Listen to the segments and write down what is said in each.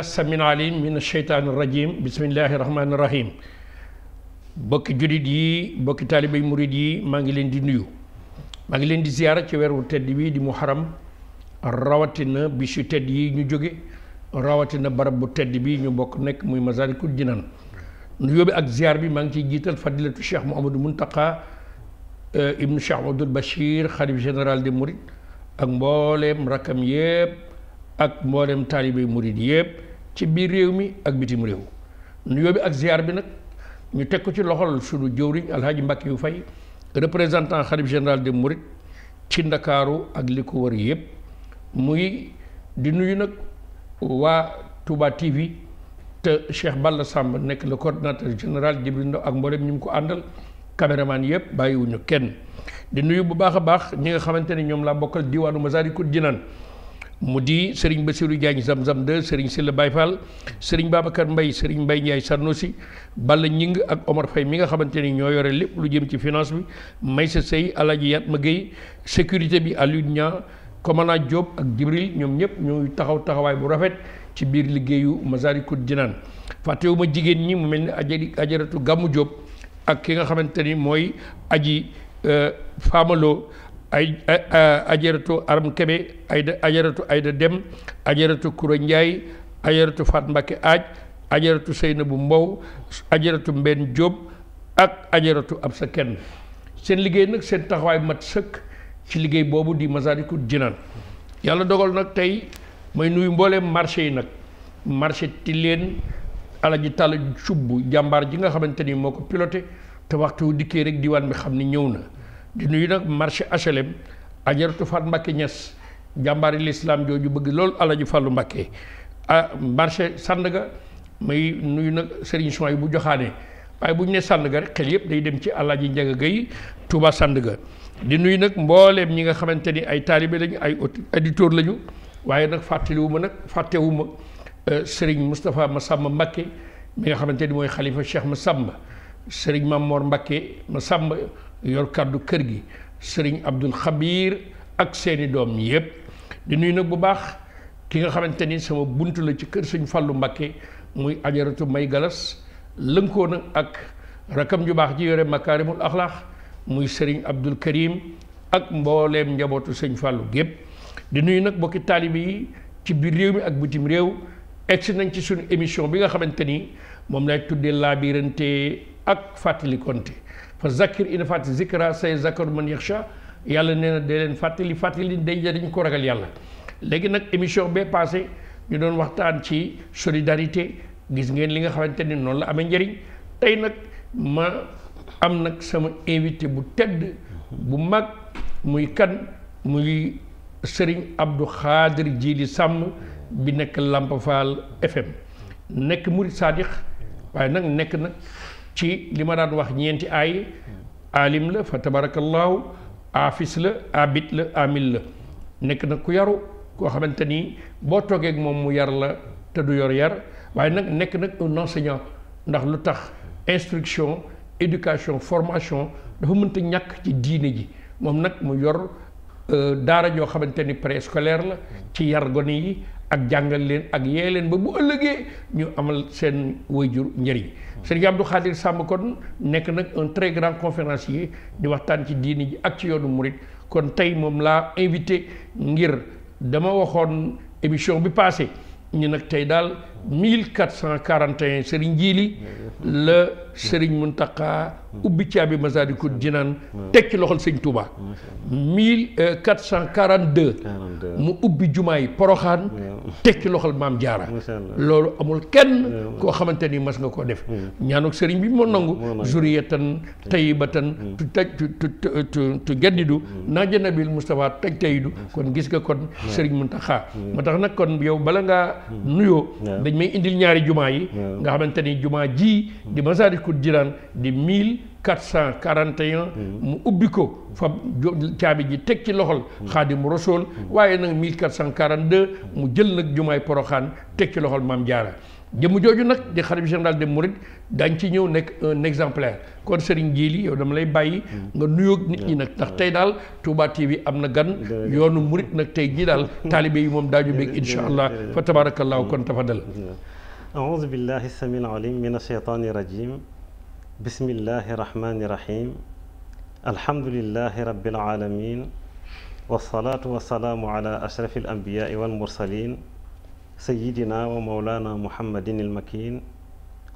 billahi samin alim min asheytaani rajim bismillahi rahmaani rahim bokki julit yi bokki taalibay murit yi maa ngi leen di nuyu maa ngi leen di ziyaara ci weeru tedd bii di muharam rawatina bisu tedd yi ñu jóge rawatina barab bu tedd bi ñu bokk nekk muy Masaalikul Jinaan nuyoo bi ak ziar bi maa ngi ciy jiital fadilatu cheikh Mouhamadou Mountakha ibnu cheikh Abdoul Bachir xalif général des Mourides ak mbooleem rakam yépp ak mboolem taalibe murid yépp ci biir réew mi ak bitim réew nuyoo bi ak ziar bi nag ñu teg ko ci loxol suñu jëwriñ alhaaji Mbàkke yu fay représentant xalif général de Mouride ci ndakaaru ak li ko wër yëpp muy di nuyu nag waa Touba TV te Cheikh Balla Samb nekk la koordinateur général Jibril Ndaw ak mboolem ñu mu ko àndal caméraman yëpp bàyyiwuñu kenn di nuyu bu baax a baax ñi nga xamante ni ñoom laa bokkal diwaanu Masaalikul Jinaan mu di Serigne Bassirou Diagne Zamzam 2 Serigne Sylla Baye Fall Serigne Babacar Mbaye Serigne Mbaye Ndiaye Sarnosi Balla Ñing ak Omar Faye mi nga xamante ni ñoo yore lépp lu jëm ci finance bi Maysa Sey Alaji Yatma Gueye sécurité bi Alioune Niang Komana Diop ak Jibril ñoom ñëpp ñooy taxaw taxawaay bu rafet ci biir liggéeyu Massalikul Jinaan fàttewuma jigéen ñi mu mel ni ajari ajaratu Gàmmu Diop ak ki nga xamante ni mooy aji euh, Famalo ay ajaratu aram kebe ayda ajaratu ayda dem ajaratu kura njaay ajaratu faat mbakke aaj ajaratu seyna bu mbow ajaratu mbenn jóob ak ajaratu ab sa kenn seen liggéey nag seen taxawaay mat sëkk ci liggéey boobu di Masaalikul Jinaan yàlla dogal nag tey may nuyu mbooleem marché yi nag marché ji Alaji Talla Cubb jàmbaar ji nga xamante ni moo ko piloté te waxtu dikkee rek diwaan bi xam ni ñëw na di nuyu nag marché HLM ajaratu Faat Mbàkke Ñas jàmbaari lislaam jooju bëgg loolu Alaaji Fàllu Mbàkke ah marché Sandaga may nuyu nag Serigne Souhaï bu joxaanee waaye bu ñu nee Sandaga rek xel yëpp day dem ci Alaaji Njaga Gay Touba Sandaga di nuyu nag mbooleem ñi nga xamante ni ay taalibe lañu ay auditeur lañu waaye nag fàttaliwuma nag fàttewuma euh, Serigne Moustapha Massamba Mbàkke mi nga xamante ni mooy xalifa Cheikh Massamba Serigne Mamoor Mbàkke Massamba yor kàddu kër gi sëriñ Abdul Xabiir ak seeni doom yépp di nuyu nag bu baax ki nga xamante ni sama bunt la ci kër sëñ Fàllu Mbàkke muy ajaratu may galas lënkoo nag ak rakam ju baax ji yore makaarimul axlaax muy sëriñ Abdul Karim ak mbooleem njabootu sëñ Fàllu gépp di nuyu nag bokki taalibe yi ci biir réew mi ak bitim réew egsi nañ ci suñu émission bi nga xamante ni moom lay tuddee laabirante ak fàttalikonte fa zakir ina fàtti zikra say zakaru man yaxsha yàlla nee na dee leen fàttali fàttali day jariñ ko ragal yàlla léegi nag émission bee passé ñu doon waxtaan ci solidarité gis ngeen li nga xamante ni noonu la amee njëriñ tey nag ma am nag sama invité bu tedd bu mag muy kan muy Serigne Abdou jii Djily sàmm bi nekk Lamp Fall FM nekk Murid Sadikh waaye nag nekk nag ci li ma daan wax ñeenti aay alim la fa tabarakallahu afis la abit la amil la nekk nag ku yaru koo xamante ni boo toogeek moom mu yar la te du yor yar waaye nag nekk nag un ndax lu tax instruction éducation formation dafa mënta ñàkk ci diine ji moom nag mu yor euh, daara joo xamante ni préscolaire la ci yar gone yi ak jàngal leen ak yee leen ba bu ëllëgee ñu amal seen wayjur njëriñ Serigne Abdou Khadir Samb kon nekk nag un très grand conférencier di waxtaan ci diini ji ak ci yoonu murit kon tey moom laa invité ngir dama waxoon émission bi passé ñu nag tey daal. 1441 Serigne Djili la Serigne Muntaka ubbi caabi Masaalikul Jinaan tekki loxol Serigne Touba 1442 mu ubbi jumaay Poroxaan tekki loxol Maam Jaara loolu amul kenn ko xamante ni mas nga koo def ñaanuk Serigne bi moo nangu zuriyatan tayyibatan tu taj tu tu gaddidu naaja nabil Mustafa taj tayidu kon gis nga kon Serigne Muntaka ma tax nag kon yow bala ngaa nuyoo dañ may indil ñaari jumaa yi nga xamante ni jumaa jii di Masaalikul Jinaan di mille quatre cent quarante hmm. mu ubbi ko fa caabi ji teg ci loxol hmm. Xaadimu Rasuul hmm. waaye nag mille quatre cent quarante deux mu jël nag jumaay Poroxaan teg ci loxol Maam Jaara jëmm jooju nag di xalifa général des Mourides daañ ci ñëw nekk un exemplaire kon Serigne Djili yow dama lay bàyyi nga nuyoog nit ñi nag ndax tey daal Touba TV am na gan yoonu Mouride nag tey jii daal taalibe yi moom daañu bég insha allah fa tabarakallahu kon tafadal أعوذ بالله السميع العليم من الشيطان الرجيم بسم الله الرحمن الرحيم الحمد لله رب العالمين والصلاة والسلام على أشرف الأنبياء والمرسلين سيدنا ومولانا محمد المكين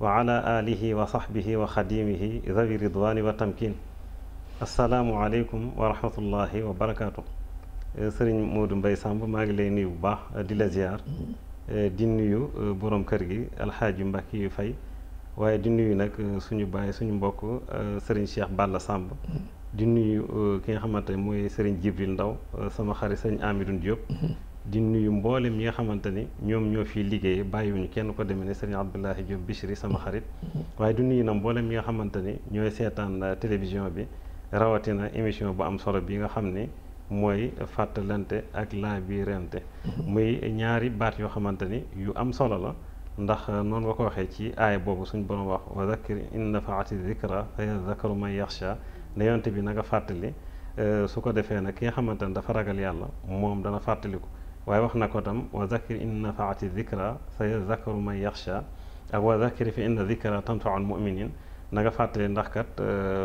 وعلى آله وصحبه وخديمه ذوي رضوان وتمكين السلام عليكم ورحمة الله وبركاته سرين مود مباي سامب ماغ لي نيو باخ دي لا زيار دي نيو بوروم كيرغي الحاج مباكي فاي واي دي نيو نك سونو باي سونو مبوك سرين شيخ بالا سامب دي نيو كي خامتاي موي سرين جبريل نداو سما خاري سرين اميدون ديوب di nuyu mboolem ñi nga xamanteni ñom ñoo fi liggéey bàyyiwuñu kenn ko demee ne sëriñ Diop bishri sama xarit waye du nuyu na mboolem nga xamanteni ñoy ñooy télévision bi rawatina émission bu am solo bi nga moy fatalante ak la bi rente muy ñaari baat yo xamanteni yu am solo la ndax non nga ko waxe ci ay bobu suñu borom wax wa zakir in nafaati dhikra fa yadhkuru man yakhsha ne yonte bi naga fatali fàttali su ko defee nag ki nga xamante dafa ragal yàlla moom dana fàttaliku waaye wax na ko tam wa zakir in nafaati dikra sa yazakaru man yaxsha ak wa zakir fi inna dikra tanfaau al muminin na nga fàttali ndax kat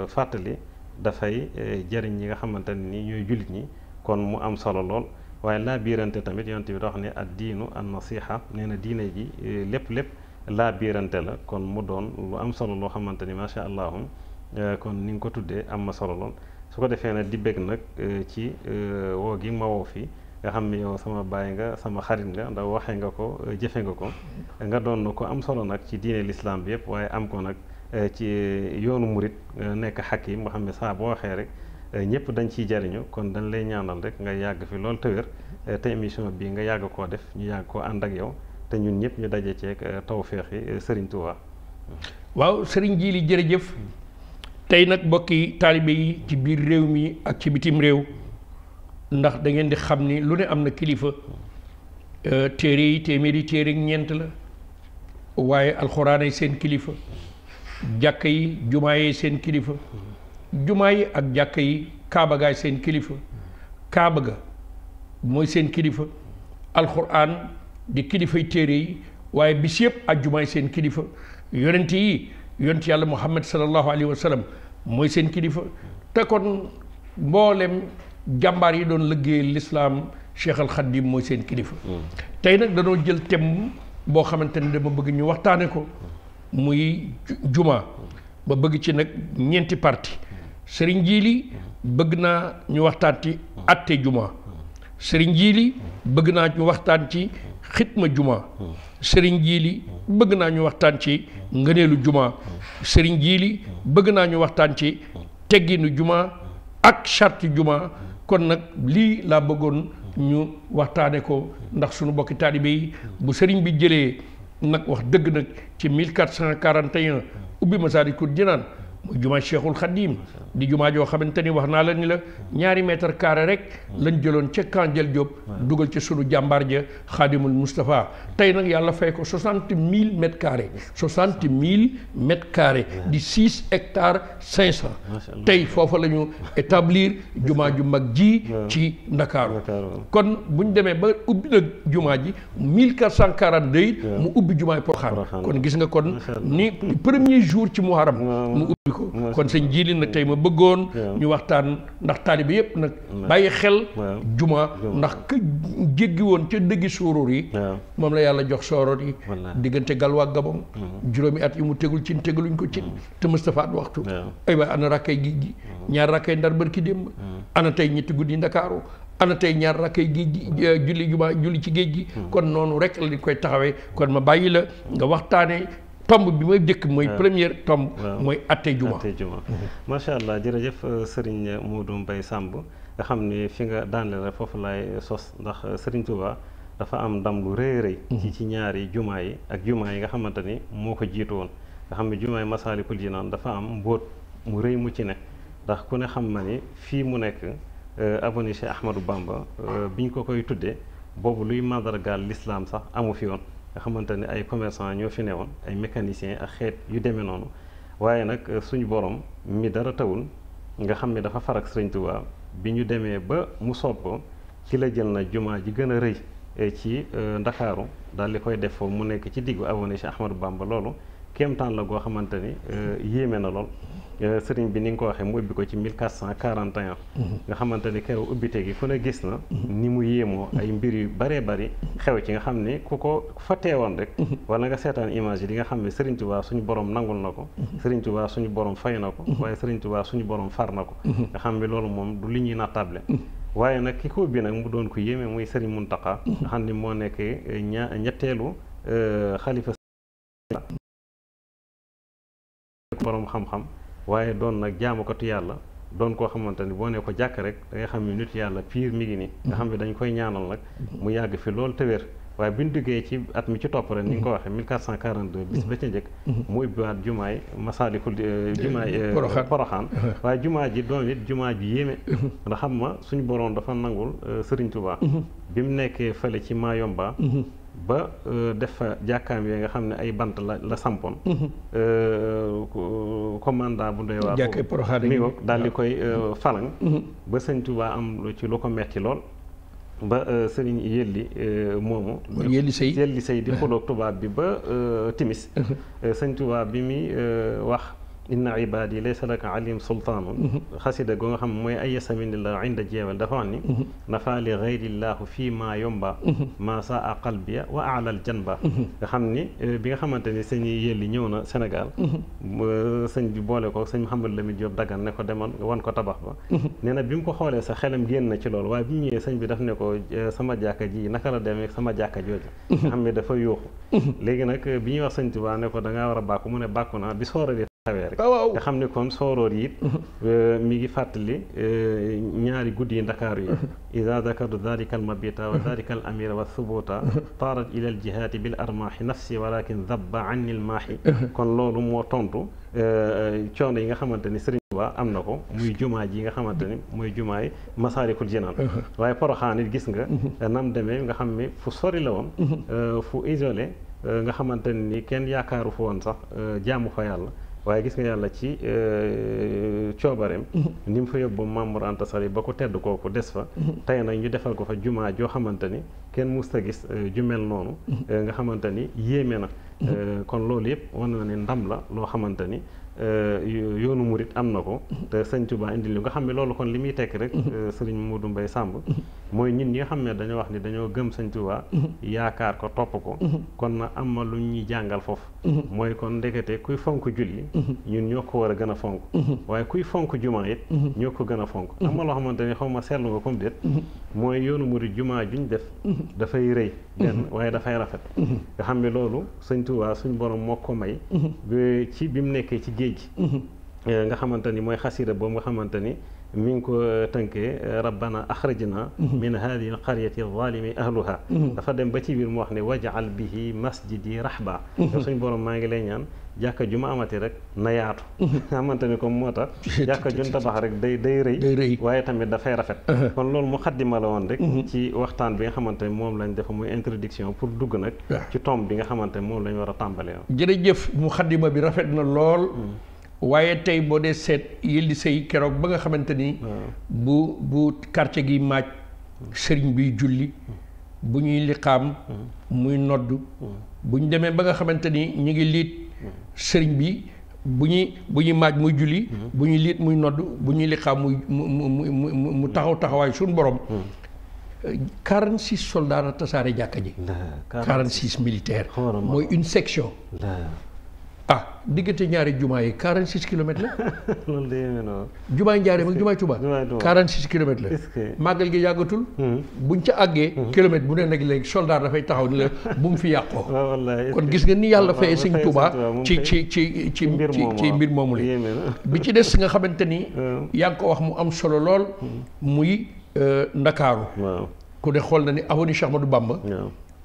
fàttali dafay jëriñ ñi nga xamante ne ni ñooy jullit ñi kon mu am solo lool waaye laa biirante tamit yonte bi da wax ne ad diinu an nasiha nee na diine ji lépp lépp laa biirante la kon mu doon lu am solo loo xamante ni macha allahum kon ni nga ko tuddee am ma solo lool su ko defee nag di bëgg nag ci woo gi ma woo fii nga xam ni yow sama baay nga sama xarit nga ndaw waxe nga ko euh, jëfe nga ko nga doon ko am solo nag ci diine lislaam bi yëpp waaye am ko nag euh, ci yoonu murit nekk xakim nga xam ne saa boo waxee rek euh, ñëpp dañ ciy jariñu kon dañ lay ñaanal rek nga yàgg fi loolu tëwér te émission bi nga yàgg koo def ñu yàgg ko ànd ak yow te ñun ñëpp ñu daje ceeg tawféex yi sëriñ Touba. waaw sëriñ Jili jërëjëf tey nag mbokki taalibe yi ci biir réew mi ak ci bitim réew ndax dangeen di xam ni lu ne am na kilifa euh, téere yi téeméeri téere ñeent la waaye alxuraan ay seen kilifa jàkk yi jumaa yi seen kilifa jumaa yi ak jàkk yi kaaba seen kilifa kaabaga mooy seen kilifa alxuraan di kilifay téere yi waaye bis yëpp ak jumaa yi seen kilifa yonent yi yonent yàlla muhammad sallallahu alayhi wa mooy seen kilifa te kon mboolem jàmbaar yi doon liggéey lislaam Cheikh Al Khadim mooy seen kilifa. tey nag danoo jël thème boo xamante ne dama bëgg ñu waxtaane ko muy juma ba bëgg ci nag ñeenti parti sëriñ Jili bëgg naa ñu waxtaan ci atte juma sëriñ Jili bëgg naa ñu waxtaan ci xitma juma sëriñ Jili bëgg naa ñu waxtaan ci ngëneelu juma sëriñ Jili bëgg naa ñu waxtaan ci tegginu juma ak charte juma kon nag lii laa bëggoon ñu waxtaane ko ndax suñu bokki taalibe yi bu sëriñ bi jëlee nag wax dëgg nag ci 1441 ubbi Masaalikul Jinaan muy jumaa Cheikhul Khadim di jumaa joo xamante ni wax naa la ni la ñaari mètre carré rek lañ jëloon ca Kanjel Diop dugal ca sunu jàmbaar ja Khadimul Moustapha tey nag yàlla fay ko soixante mille mètres carrés soixante mille mètres carrés di six hectares cinq cent tey foofa lañu ñu établir jumaa ju mag ji ci Ndakaaru kon bu ñu demee ba ubbi nag jumaa ji mille quatre cent quarante-deux mu ubbi jumaay Porokhane kon gis nga kon ni premier jour ci Muharram bi ko kon sëñ jiili na tey ma bëggoon ñu waxtaan ndax taalibe yëpp nag bàyyi xel juma ndax ka jéggi woon ca dëggi suuróor yi moom la yàlla jox sooroor yi diggante galwaa gabon mm-hmm. juróomi at yi mu tegul cin tegaluñ ko cin mm-hmm. te Moustapha at waxtu ay waay ana rakkay géej gi mm-hmm. ñaar rakkay ndar bërki démb ana tey ñetti guddi ndakaaru ana tey ñaar rakkay géej gi eh, julli juma julli ci géej gi kon noonu rek la koy taxawee kon ma bàyyi la nga waxtaanee tomb bi may jëkk mooy première tomb mooy atte juma atte juma macha allah jërëjëf euh, Serigne Modou Mbaye Samb nga xam ne fi nga daaneel rek foofu laay sos ndax euh, Serigne Touba dafa am ndam lu rëy rëy ci mhm. ñaari jumaa yi ak jumaa yi nga xamante ni moo ko jiitu woon nga xam ne jumaa yi Masaalikul Jinaan dafa am mbóot mu rëy mu ci ne ndax ku ne xam na ni fii mu nekk euh, avenue Cheikh Ahmadou bi ñu ko koy tuddee boobu luy màndargaal lislaam sax amu fi woon nga xamante ne ay commerçant ñoo fi woon ay mécaniciens ak xeet yu demee noonu waaye nag euh, suñu borom mi dara tawul nga xam ne dafa farak sëriñ Tuubaa bi ñu demee ba mu soob ko ci la jël na jumaa ji gën a rëy euh, ci euh, ndakaaru daal di koy def foofu mu nekk ci diggu abonné si Ahmadou Bamba loolu kéemtaan la goo xamante ni yéeme na lool Euh, sëriñ bi ni nga ko waxee mu ubbi ko ci 1441. Mhm. nga xamante ni keroog ubbite gi ku ne gis na. Mhm. ni mu yéemoo ay mhm. mbir yu bëree bëri xew ci nga xam ne ku ko fa teewoon rek. wala nga seetaan image yi di nga xam ne sëriñ Tuubaa suñu borom nangul na ko. sëriñ Tuubaa suñu borom fay na ko. waaye sëriñ Tuubaa suñu borom far na ko. nga xam ne loolu moom du li ñuy nattable. waaye nag ki ko ubbi nag mu doon ko yéeme muy sëriñ Muntaxa. nga xam ne moo nekk eh, ña ñetteelu eh, xalifa borom waaye doon nag jaamukatu yàlla doon koo xamante ni boo ne ko jàkk rek da nga xam ne nit yàlla piir mi ngi nii nga xam ne dañ koy ñaanal nag mu yàgg fi loolu te wér waaye bi ñu diggee ci at mi ci topp ren ni nga ko waxee 1442 bis ba ca njëkk mu ubbiwaat jumaay masaalikul eh, jumaay eh, poroxaan waaye jumaa ji doon it jumaa ji yéeme ndax xam ma suñu boroom dafa nangul eh, Sëriñ Tuubaa mhm. bi mu nekkee fële ci Maayomba mhm. ba euh, def fa jàkkaam yooyu nga xam ne ay bant la la sampoon. Mhm. Euh, euh, commandant bu doy waar. jàkkee Porokhane mi woog daal di koy falang. Mhm. ba sëñ Tuubaa am lu ci lu ko metti lool. ba sëriñ yëlli moomu yëlli sëy yëlli sëy di xulóog tubaab bi ba timis mhm. sëñ tubaab bi muy wax إن عبادي ليس لك عليم سلطان خسيد جون خم مي أي سمين الله عند جيوال دفعني نفع لغير الله فيما يمبا ما ساء قلبي وأعلى الجنب خمني بيا خم تني سن يلي نيونا سنغال سن جبالك أو سن محمد لم يجوب دعنا نقدم وان كتب أبا نحن بيم كحالة سخلم جين نشلول وابني سن بدفن كو آه، سما جاك جي نكلا دمي سما جاك جوجا هم يدفعوا يوخ لكنك بيم سن تبان كو دعنا ربكم من بكونا بسورة waaw nga xam ne comme sooroor yi mi ngi fàttali ñaari guddi yi ndakaaru yi ida zakartu dalika al mabita wa dalika al amira wa thubuta taarat ila al jihaati bil armaahi nafsi walakin dabba anni al maahi kon loolu moo tontu coono yi nga xamante ni sëriñ Tuubaa am na ko muy jumaa ji nga xamante ni mooy jumaay Masaalikul Jinaan waaye Poroxaan it gis nga nam demee nga xam ne fu sori la woon fu isolé nga xamante ni kenn yaakaaru fu woon sax jaamu fa yàlla waaye gis nga yàlla ci euh, coobareem mm-hmm. ni mu fa yóbbu Mamour Anta Sall yi ba ko tedd kooku des fa mm-hmm. tey nag ñu defal ko fa jumaa joo xamante ni kenn musta gis euh, ju mel noonu mm-hmm. euh, nga xamante ni yéeme na kon loolu yëpp wane na ni ndam la loo xamante Euh, yoonu murit am na ko te sëñ Tuba indi li nga xam ne loolu kon li muy tekk rek mhm. euh, sëriñ Modou Mbaye Samb mhm. mooy ñun ñi nga xam ne dañoo wax ni dañoo gëm sëñ Tuba mhm. yaakaar ko topp ko kon na am ma lu ñuy jàngal foofu mooy kon ndekete kuy fonk julli ñun ñoo ko war a gën a fonk waaye kuy fonk jumaa it ñoo ko gën a fonk am na loo xamante ne xaw ma seetlu nga comme déet mooy yoonu murit jumaa juñ def dafay rëy benn waaye dafay rafet nga xam ne loolu sëñ Tuba suñ borom moo ko may tey ji nga xamante ni mooy xasira boobu nga xamante ni mi ngi ko tënkee rabbana axrajna min hadihi alqaryati zalimi ahluha dafa dem ba ci biir mu wax ne wajal bihi masjidi rahba suñ borom maa ngi lay ñaan jàkka ju ma amati rek na yaatu mhm. xamante ni comme moo tax jàkka jun tabax rek day day rëy waaye tamit dafay rafet mhm. kon loolu mu xaddima la woon rek mhm. ci waxtaan bi nga xamante ne moom lañ def muy introduction pour dugg nag ci tomb bi nga xamante ne moom lañ war a tàmbalee woon jërëjëf mu xaddima bi rafet na lool waaye tey boo dee seet yëlli say keroog ba nga xamante ni bu bu quartier gi maaj sëriñ biy julli bu ñuy liqaam muy nodd bu demee ba nga xamante ñu ngi liit sëriñ bi bunyi ñuy bu ñuy maaj muy julli mhm. bu ñuy liit muy nodd bu ñuy muy mu taxaw borom 46 mhm. soldats la tasaare 46 militaires mooy une section nah. ah diggante ñaari jumaa yi 46 kilomètres la. loolu de yéeme na jumaay Njaaréem ak jumaay Tuuba. jumaay Tuuba 46 kilomètres la. màggal gi yàggatul. Hmm. buñ ca àggee. Hmm. kilomètre bu ne nag léegi soldat dafay taxaw ni la bu mu fi yàqoo. kon gis nga ni yàlla fayee sëñ Tuuba ci ci ci ci ci mbir moomu la. bi ci des nga xamante ni. yaa ngi ko wax mu am solo lool. Hmm. muy euh, Ndakaaru. ku ne xool na ni avenue Cheikh Ahmadou Bamba.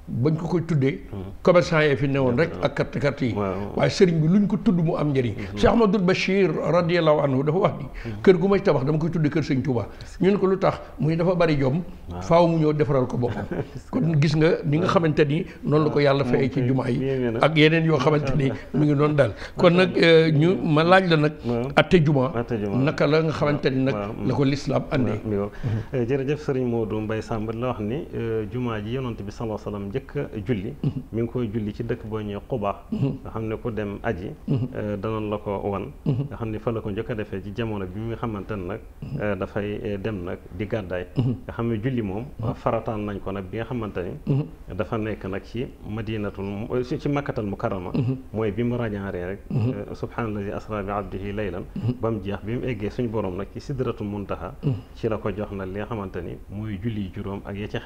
bañ ko koy tuddee commerçant yee fi newoon rek ak carte carte yi waaye sëriñ bi luñ ko tudd mu am njëriñ mm-hmm. Cheikh Ahmadul Bachir radiallahu anhu dafa wax mm-hmm. kër gu may tabax dama koy tuddee kër sëñ Touba ñu ko lu tax muy dafa bari jom faaw mu ñëw defaral ko boppam kon gis nga ni nga xamante ni noonu la ko yàlla fayee ci jumaa yi ak yeneen yoo xamante ni mu ngi noonu daal kon nag euh, ñu ma laaj la nag atte juma naka la nga xamante ni nag la ko lislaam andee mm-hmm. euh, jërëjëf sëriñ Modou Mbaye Samb la wax ni euh, jumaa ji yonent bi sallallahu alayhi wasallam njëkk a julli mi ngi koy julli ci dëkk boo ñëwee Quba nga xam ne ku dem aji euh, danoon la ko wan nga xam ne fa la ko njëkk a ci jamono bi nga xamante ne nag euh, dafay euh, dem nag di gàddaay nga xam ne julli moom farataan nañ ko nag bi nga xamante ni dafa nekk nag ci madinatul ci makkatal mukarrama mooy bi mu rajaaree rek subhaanallazi asra bi abdihi laylan ba mu jeex bi mu eggee suñ borom nag ci sidratul muntaha ci la ko jox nag li nga xamante ni mooy julli juróom ak ya ci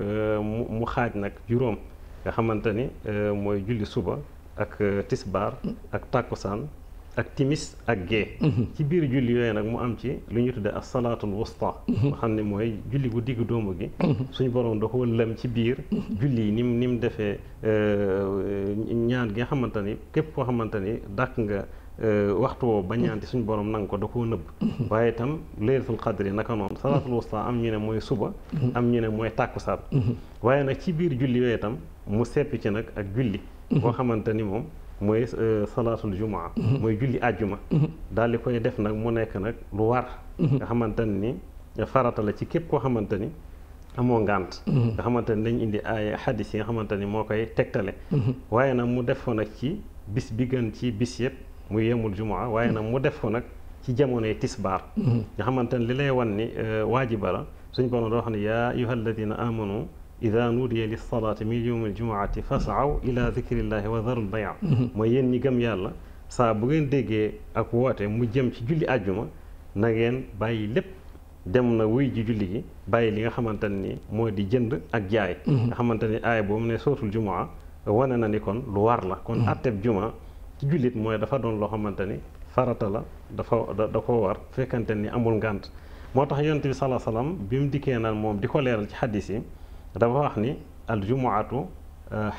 Euh, mu mu xaaj nag juróom nga xamante ni euh, mooy julli suba ak euh, tisbaar ak tàkkusaan ak timis ak gée mhm. ci biir julli yooyu nag mu am ci lu ñu tuddee ak salaatul wusta mhm. nga xam ne mooy julli gu digg doomu gi mhm. suñu boroom da ko lëm ci biir julli yi ni ni mu defee ñaan gi nga xamante ni képp koo xamante ni dàkk nga Euh, waxtu woo bañaante suñu borom nanga ko da koo nëbb waaye itam laylatul qadri naka noonu salaatul wusta am ñu ne mooy suba am ñu ne mooy tàkkusaan waaye nag ci biir julli yooyu itam mu seppi ci nag ak julli boo xamante ni moom mooy euh, salaatul jumaa mooy julli àjjuma daal di koy def nag mu nekk nag lu war nga xamante ni farata la ci képp koo xamante ni amoo ngant nga xamante ni dañ indi ay xadis yi nga xamante ni moo koy tegtale uhuh. waaye nag mu def ko nag ci bi gën ci bis muy yemul jumaa waaye nag mu def ko nag ci jamonoy tisbar nga xamantene li lay wan ni waajiba la suñ borom doo xam ne yaa ayuha alladina amanu ida nuudiya lissalaati min yowmil jumaati fasaw ila llahi wa darul bayaa mooy yéen ñi gëm yàlla saa bu ngeen déggee ak woote mu jëm ci julli àjjuma na ngeen bàyyi lépp dem na wuy ji julli gi bàyyi li nga xamante ni moo di jënd ak jaay nga xamante ni aay boobu ne sootul jumaa wane na ni kon lu war la kon atteb jumaa julit moy dafa don lo xamanteni farata la dafa da ko war fekanteni amul ngànt motax tax yonent bi salaa salaam bi mu dikkee mom diko leral ci hadisi dafa wax ni aljumuatu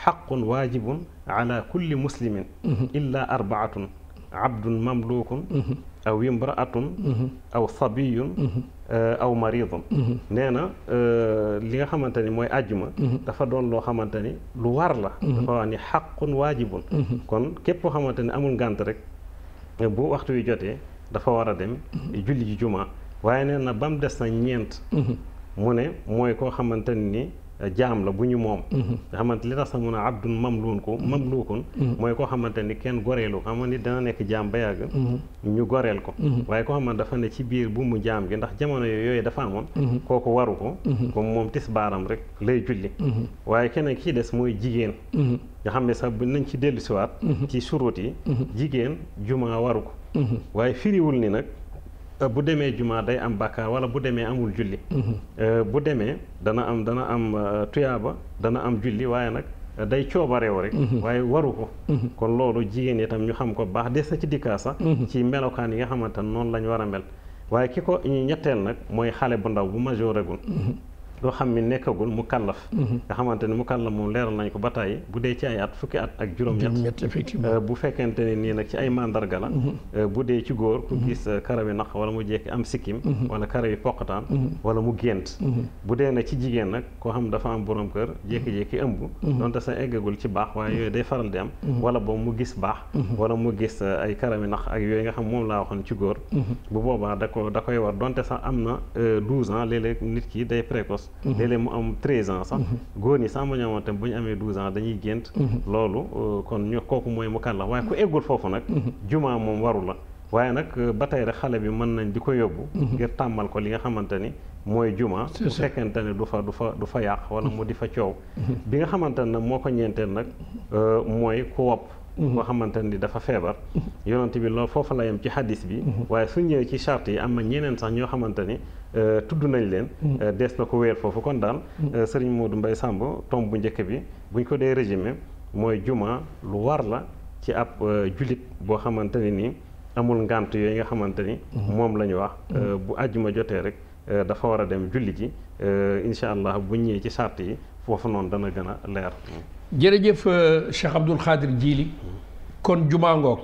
xaqun waajibun ala kulli muslimin illa arbaatun abdun mamlukun aw imraatun aw sabiyun Eh, aw maridum mhm. nee na eh, li nga xamante ni mooy àjjuma mhm. dafa doon loo xamante ni lu war la mhm. dafa wax ni xaqun waajibun kon képp koo xamante ni amul ngànt rek bu waxtu wi jotee dafa war a dem julli ji jumaa waaye nee na ba mu des na ñeent mu ne mooy koo xamante ni jaam la bu ñu moom mhm. nga xamante li tax sax mun a abdun mamluun ko mhm. mamluukun mhm. mooy koo xamante ni kenn goreelu xam nga ni dana nekk jaam ba yàgg ñu goreel ko waaye koo xamante dafa ne ci biir bu mu jaam gi ndax jamono yooyu dafa amoon kooku waru ko comme moom tis baaram rek lay julli waaye keneen ki des mooy jigéen nga xam ne sax nañ ci dellusiwaat ci surut yi jigéen jumaa waru ko waaye firiwul ni nag Euh, bu demee juma day am bàkkaar wala bu demee amul julli mm-hmm. euh, bu demee dana am dana am euh, tuyaaba dana am julli waaye nag day coobareew rek mm-hmm. waaye waru ko mm-hmm. kon loolu jigéen tam ñu xam ko baax de sa ci dikkaa sax ci melokaan yi nga xamante ne noonu lañ war a mel waaye ki ko ñetteel nag mooy xale bu ndaw bu majooregul loo xam ne nekkagul mu kàllaf mm-hmm. nga xamante ne mu kàllaf moom leeral nañ ko ba tàyyi bu dee ci ay at fukki at ak juróom-ñett euh, bu fekkente ne nii nag ci ay mandarga la mm-hmm. euh, bu dee ci góor ku mm-hmm. gis euh, karawi naq wala mu jekki am sikkim wala karawi poqataan wala mu gént bu dee nag ci jigéen nag koo xam dafa am borom kër jékki-jékki ëmb donte sa eggagul ci baax waaye yooyu day faral di am wala boobu mu gis baax wala mu gis ay karawi naq ak yooyu nga xam moom laa waxoon ci góor bu boobaa da da koy war donte sax am na douze mm-hmm. mu am treize ans sax mm-hmm. góor ñi sax ma ñoomoon tam bu ñu amee douze ans dañuy gént mm-hmm. loolu euh, kon ñu kooku mooy mu kàllax waaye ku eggul foofu nag jumaa moom waru la waaye nag euh, ba tey rek xale bi mën nañ di ko yóbbu ngir tàmbal ko li nga xamante ni mooy juma bu fekkente ne du fa du fa du fa yàq wala mu di fa coow bi nga xamante ne moo ko ñeenteel nag euh, mooy ku wopp koo xamante ni dafa feebar yonent bi loolu foofu la yem ci xadis bi waaye su ñëwee ci charte yi am na ñeneen sax ñoo xamante ni euh, tudd nañ leen euh, dees na ko weer foofu kon daal euh, sëriñ Modou mbay Samb tomb bu njëkk bi bu buñ ko dee résumé mooy juma lu war la ci ab jullit boo xamante ni amul ngànt yooyu nga xamante ni moom la ñu wax bu àjjuma jotee rek dafa war a dem julli ji incha allah bu ñëwee ci charte yi foofu noonu dana gën a leer. jërëjëf euh, Cheikh Abdoul Khadir jiili kon jumaa ngoog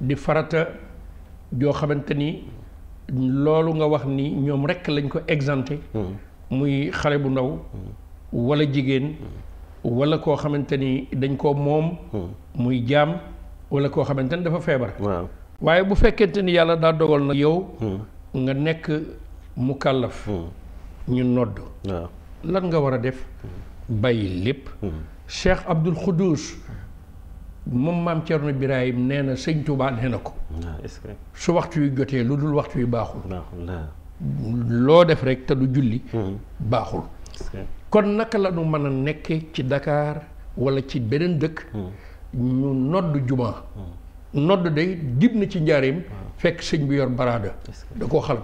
di farata joo xamante ni loolu nga wax ni ñoom rekk lañ ko exempté. muy xale bu ndaw. walla jigéen. walla koo xamante ni dañ ko moom. muy jaam walla koo xamante ni dafa feebar. waaye bu fekkente ni yàlla daa dogal na yow. Hmm. nga nekk mukallaf hmm. ñu nodd. lan nga war a def bàyyi lépp Cheikh Abdul Khoudous moom maam Thierno Birahim nee na sëñ Touba na ko ah, su waxtu yu jotee lu dul waxtu yu baaxul loo def rek te du julli hmm. baaxul kon naka la nu mën a nekk ci Dakar wala ci beneen dëkk hmm. ñu nodd juma hmm. nodd day dib na ci njaareem fekk sëñ bi yor baraada da koo xalam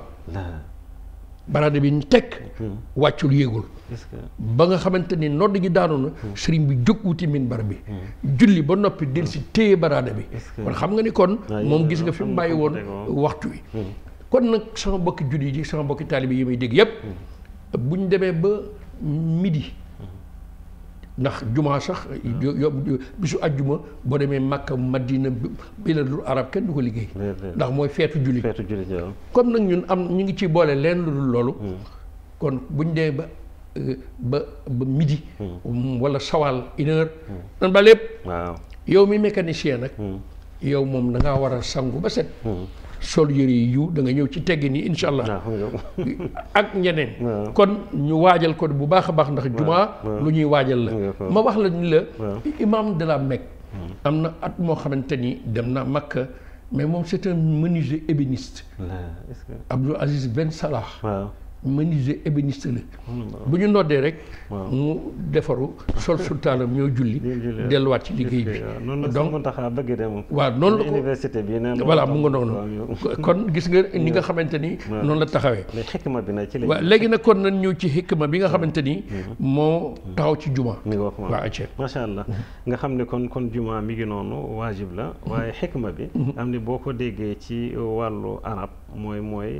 baraada bi ñu teg wàccul yéegul ba nga xamante ni nodd gi daanu na hmm. sëriñ bi jóg wuti barab bi hmm. julli ba noppi del si téye baraada bi kon xam nga ni kon ah, moom gis nga fi mu bàyyi woon waxtu wi hmm. kon nag sama bokki julli ji sama bokki taalibe yi may dégg yépp bu ñu demee ba midi ndax juma sax. Ah. yo bisu ajjuma boo demee Makka Madina biladul arab kenn du ko liggéey. ndax mooy feetu jullit. feetu jullit comme nag ñun am ñu ngi ci boole leen lu dul loolu. Hmm. kon buñ dee ba euh, ba ba midi. Hmm. Mm, wala sawaal une heure. Hmm. nan ba lépp. yow mi mécanicien nag. yow moom da war a sangu ba set. sol yëre yi yu da nga ñëw ci teggin yi incha allah ak ñeneen kon ñu waajal ko bu baax a baax ndax jumaa lu ñuy waajal la ma wax la ni la imam de la Mecque hmm. am na at moo xamante ni dem na Makka mais moom c'est un menuisier ébéniste Abdou Aziz Ben Salah menuisier ébéniste la bu ñu noddee rek mu defaru sol sultaanam ñoo julli delluwaat ci liggéey bi donc waa noonu la université bi voilà mu nga noonu kon gis nga ni nga xamante ni noonu la taxawee waaw léegi nag kon nañ ñëw ci xikma bi nga xamante ni moo taxaw ci juma waaw acce macha allah nga xam ne kon kon juma mi ngi noonu waajib la mm-hmm. waaye xikma bi mm-hmm. am ni boo ko déggee ci wàllu arab mooy mooy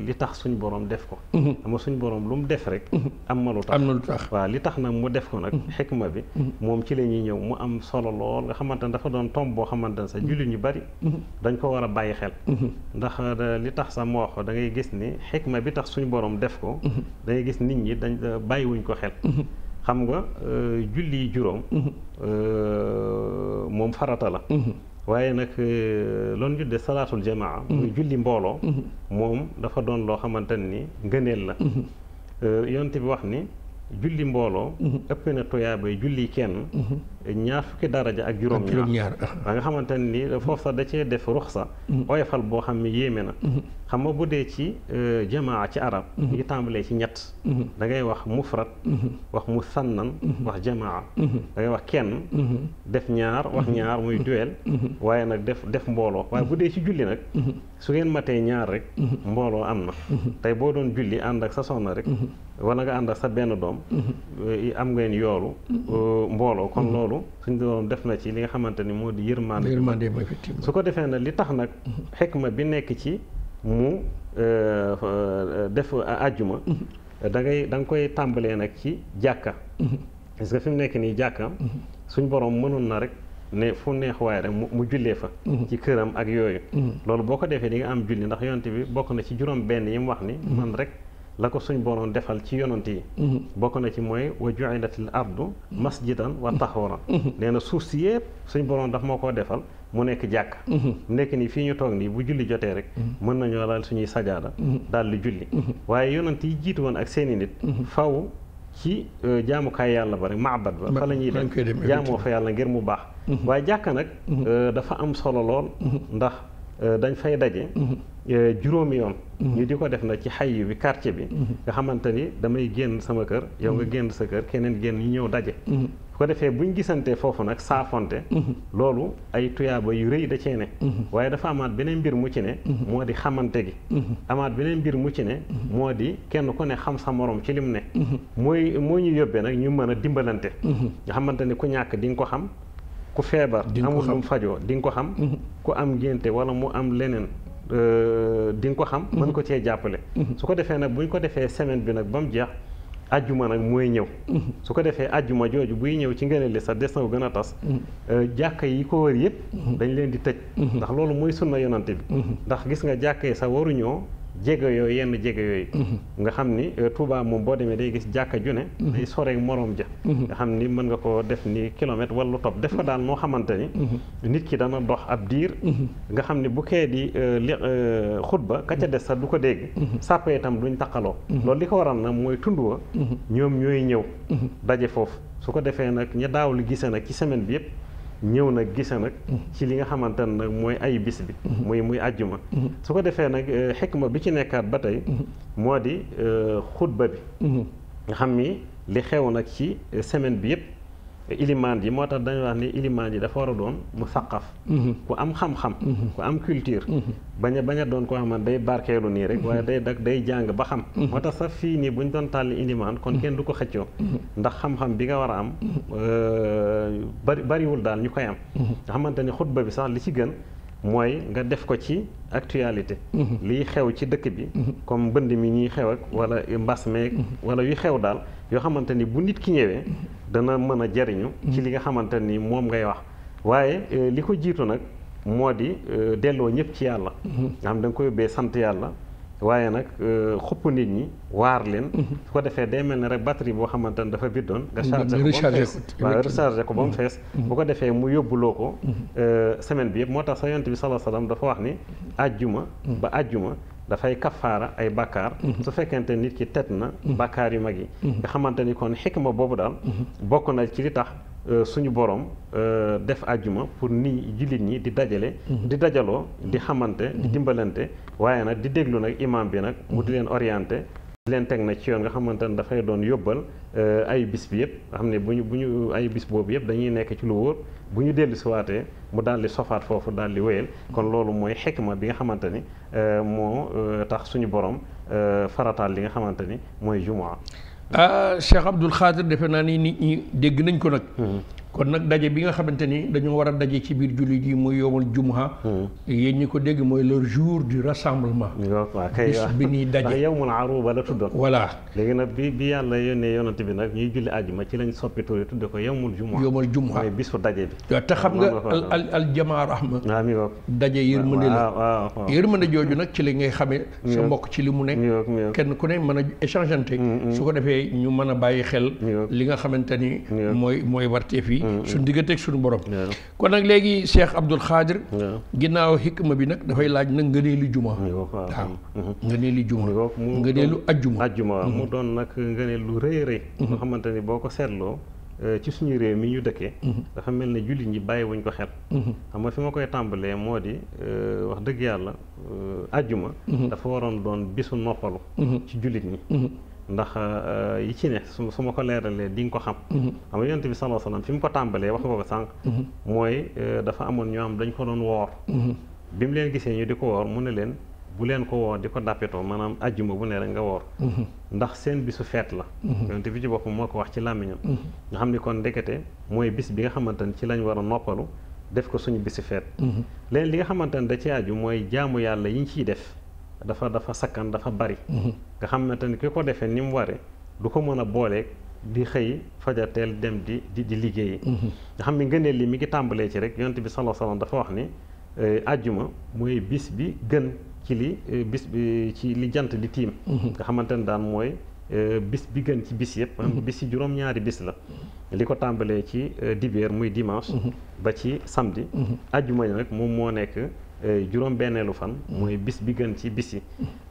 li tax suñ borom def ko. ama suñ borom lu mu def rek. am na lu tax am na lu tax waaw li tax nag mu def ko nag. xikma bi. moom ci la ñuy ñëw mu am solo lool nga xamante ne dafa doon tomb boo xamante ne sax jullit ñu bari. dañ ko war a bàyyi xel. ndax li tax sax mu wax da ngay gis ni xikma bi tax suñu borom def ko. da ngay gis nit ñi dañ bàyyiwuñ ko xel. xam nga julli juróom. moom farata la. waaye nag euh, loolu ñu salaatul jamaa mm-hmm. muy julli mbooloo mm-hmm. moom dafa doon loo xamante ni ngëneel la mm-hmm. euh, yonte bi wax ni julli mbooloo ëpp na tuyaabay julli kenn ñaar fukki daraja ak juróom-ñaar ba nga xamante ne ni foofu sax da cee def ruxsa mm-hmm. oyofal boo xam ne yéeme na mm-hmm. xam nga bu dee ci euh, jamaa ci arab mm-hmm. ngi tàmbalee ci ñett dangay ngay wax mufrat wax musannan wax jamaa da wax kenn def ñaar wax ñaar muy duel waaye nag def def mbooloo waaye bu dee ci julli nag su ngeen matee ñaar rek mbooloo am na tey boo doon julli ànd ak sa soxna rek wala nga ànd ak sa benn doom euh, am ngeen yoolu euh, mbooloo kon loolu loolu suñ borom def na ci li nga xamante ni moo di yërmande yërmande ba effectivement su ko defee na li tax nag xikma bi nekk ci mu euh, euh, def àjjuma mm-hmm. da ngay da koy tàmbalee nag ci jàkka parce mm-hmm. que fi mu nekk nii jàkka mm-hmm. suñ borom mënoon na rek ne fu neex waaye rek mu mu jullee fa ci këram ak yooyu loolu boo ko defee di am julli ndax yonte bi bokk na ci juróom benn yi mu wax ni man rek la ko suñ boroom defal ci yonant yi mm-hmm. bokk na ci mooy wa ju'ilatil ardu mm-hmm. masjidan wa taxuran mm-hmm. nee na suuf si yëpp suñ boroom daf moo koo defal mu nekk jàkk nekk ni fi ñu toog nii bu julli jotee rek mën nañoo laal suñuy sajaada daal di julli waaye yonant yi jiitu woon ak seeni nit faw ci euh, jaamukaay yàlla ba rek maabat ba fa la ñuy dem jaamoo fa yàlla ngir mu baax waaye jàkk nag euh, dafa am solo lool ndax euh, dañ fay daje Euh, juróomi yoon. Mhm. ñu di ko def nag ci xay bi quartier bi. Mhm. nga xamante ni damay génn sama kër. yow nga mhm. génn sa kër keneen génn ñu ñëw daje. bu ko defee buñ gisantee foofu nag saafonte. loolu ay tuyaaba yu rëy da cee ne. waaye dafa amaat beneen mbir mu ci ne. moo di xamante gi. amaat beneen mbir mu ci ne. moo di kenn ku ne xam sa morom ci lim ne. mooy moo ñu yóbbee nag ñu mën a dimbalante. nga xamante ni ku ñàkk di ko xam. ku feebar amul lu mu fajoo di ko xam. ku am ngénte wala mu am leneen. Euh, di nga ko xam. mën ko mhm. cee jàppale. Mhm. su ko defee nag bu ñu ko defee semaine bi nag ba mu jeex ajjuma nag mooy ñëw. Mhm. su ko defee ajjuma jooju buy ñëw ci ngeen li sa des na gën a tas. Euh, jàkka yi ko wër yëpp. dañ leen di tëj. ndax loolu mooy sunna yonante bi. ndax gis nga jàkka yi sax waruñoo. jéego yooyu yenn jéego yooyu mhm. nga xam ni euh, Touba moom boo demee day gis jàkka ju ne mhm. day soreek moroom ja mhm. nga xam ni mën nga ko def ni kilomètre wala lu topp def ko daal noo xamante ni nit ki dana dox ab diir nga xam ni bu kee di euh, li euh, xutba ka ca des sax du ko dégg sàpp itam duñ taqaloo loolu li ko waral nag mooy tund wa ñoom ñooy ñëw daje foofu su ko defee nag ña daaw li gisee nag ci semaine bi yëpp ñëw nag gise nag ci li nga xamante ne nag mooy ay bis bi muy mm-hmm. muy àjjuma mm-hmm. su ko defee nag euh, ma bi ci nekkaat ba tey mm-hmm. moo di euh, xutba bi nga xam ni li xew nag ci euh, semaine bi yëpp ilimaan ji moo tax dañu wax ni ilimaan ji dafa war a doon mu saqaf mhm. ku am xam-xam mhm. ku am culture mhm. bañ a bañ a doon ko xam ne day barkeelu nii rek waaye day dag day jàng ba xam moo tax sax fii nii bu ñu doon tàll ilimaan kon kenn du ko xëccoo ndax xam-xam bi nga war a am euh, bari bariwul daal ñu koy am nga xamante ni xutba bi sax li ci gën mooy nga def ko ci actualité liy xew ci dëkk bi comme mbënd mi ñuy xew ak wala mbas meeg wala yu xew daal yoo xamante ni bu nit ki ñëwee dana mën a jariñu ci li nga xamante ni moom ngay wax waaye euh, li ko jiitu nag moo di euh, delloo ñëpp ci yàlla nga xam da nga ko yóbbee sant yàlla waaye nag euh, xupp nit ñi waar leen su ko defee day mel ne rek batterie boo xamante ne dafa biddoon nga chargé ko waaw rechargé ko ba mu fees bu ko defee mu yóbbuloo ko mm-hmm. semaine bi yëpp moo tax sa yonent bi salaa salaam dafa wax ni ajjuma ba ajjuma dafay kafaara ay bakkaar. Mhm. su fekkente nit ki tet na. Mhm. bakkaar yu mag yi. Mhm. nga xamante ni kon xikma boobu daal. bokk na ci li tax euh, suñu borom euh, def àjjuma pour ni jullit ñi di dajale. di dajaloo di xamante di dimbalante waaye nag di déglu nag imam bi nag mu di leen orienté. leen teg na ci yoon nga xamante ne dafay doon yóbbal ay bis bi yëpp nga xam ne bu ñu bu ñu ay bis boobu yëpp dañuy nekk ci lu wóor bu ñu dellu siwaatee mu daal di sofaat foofu daal di wéyal kon loolu mooy xikma bi nga xamante ni moo tax suñu borom farataal li nga xamante ni mooy jumaa ah Cheikh Abdoul Khadir defe naa ni nit ñi dégg nañ ko nag kon nag daje bi nga xamante ni dañoo war a daje ci biir jullit yi muy yowmal jumha hmm. yéen ñi ko dégg mooy le jour du rassemblement. bis bi ñuy daje ndax yow mun a aruba la léegi nag bi bi yàlla yónnee yonante bi nag ñuy julli àjjuma ci lañ soppi tur yi tudde ko yowmal jumha. yowmal jumha mooy bisu daje te xam nga al al al jamaa rahma. Ah, daje yërmande la waaw ah, ah, waaw yërmande jooju nag ci li ngay xamee. sa mbokk ci li mu ne kenn ku ne mën a échangeante. Mm, mm. su ko defee ñu mën a bàyyi xel. li nga xamante ni mooy mooy warteef yi mm, mm. suñ digganteeg suñu borom kon nag léegi Cheikh Abdoul Khadir ginnaaw hikma bi nag dafay laaj nag ngëneelu juma waaw mm, ngëneelu juma ngëneelu ajjuma ajjuma mm-hmm. mu doon nag ngëneel lu rëy rëy nga mm-hmm. xamante ni boo ko seetloo eh, ci suñu réew mi ñu dëkkee mm-hmm. dafa mel ne jullit ñi bàyyi wuñ ko xel xam nga fi ma koy tàmbalee moo di eh, wax dëgg yàlla eh, ajjuma dafa waroon doon bisu noppalu ci jullit ñi ndax euh, yi ci ne su su ma ko leeralee di nga ko xam mm-hmm. xam nga yonent bi sallallahu alayhi wasallam fi mu ko tàmbalee wax nga ko sànq mm-hmm. mooy euh, dafa amoon ñoo xam dañ ko doon woor mm-hmm. bi mu leen gisee ñu di ko woor mu ne leen bu leen ko woor di ko dàppetoo maanaam ajjuma bu ne rek nga woor ndax seen bisu feet la yonent bi ci boppam moo ko wax ci làmmiñam nga xam ni kon ndekete mooy bis bi nga xamante ni ci lañ war a noppalu def ko suñu bisu feet leen li nga xamante da ci aju mooy jaamu dafa dafa sakkan dafa bari mhm. nga xamante ni ki ko defee ni mu waree du ko mën a booleeg di xëy fajateel dem di di di liggéeyi mhm. nga xam ne ngëneel li mi ngi tàmbalee ci rek yonent bi sallallahu alayhi wasallam dafa wax ni eh, àjjuma mooy bis bi gën ci li eh, bis bi ci li jant di tiim mhm. nga xamante ne daan mooy eh, bis bi gën ci bis yëpp maanaam bis yi juróom-ñaari bis la li ko tàmbalee ci dibeer muy dimanche ba ci samedi àjjuma nag moom moo nekk Eh, juróom benneelu fan mooy bis bi gën ci bis yi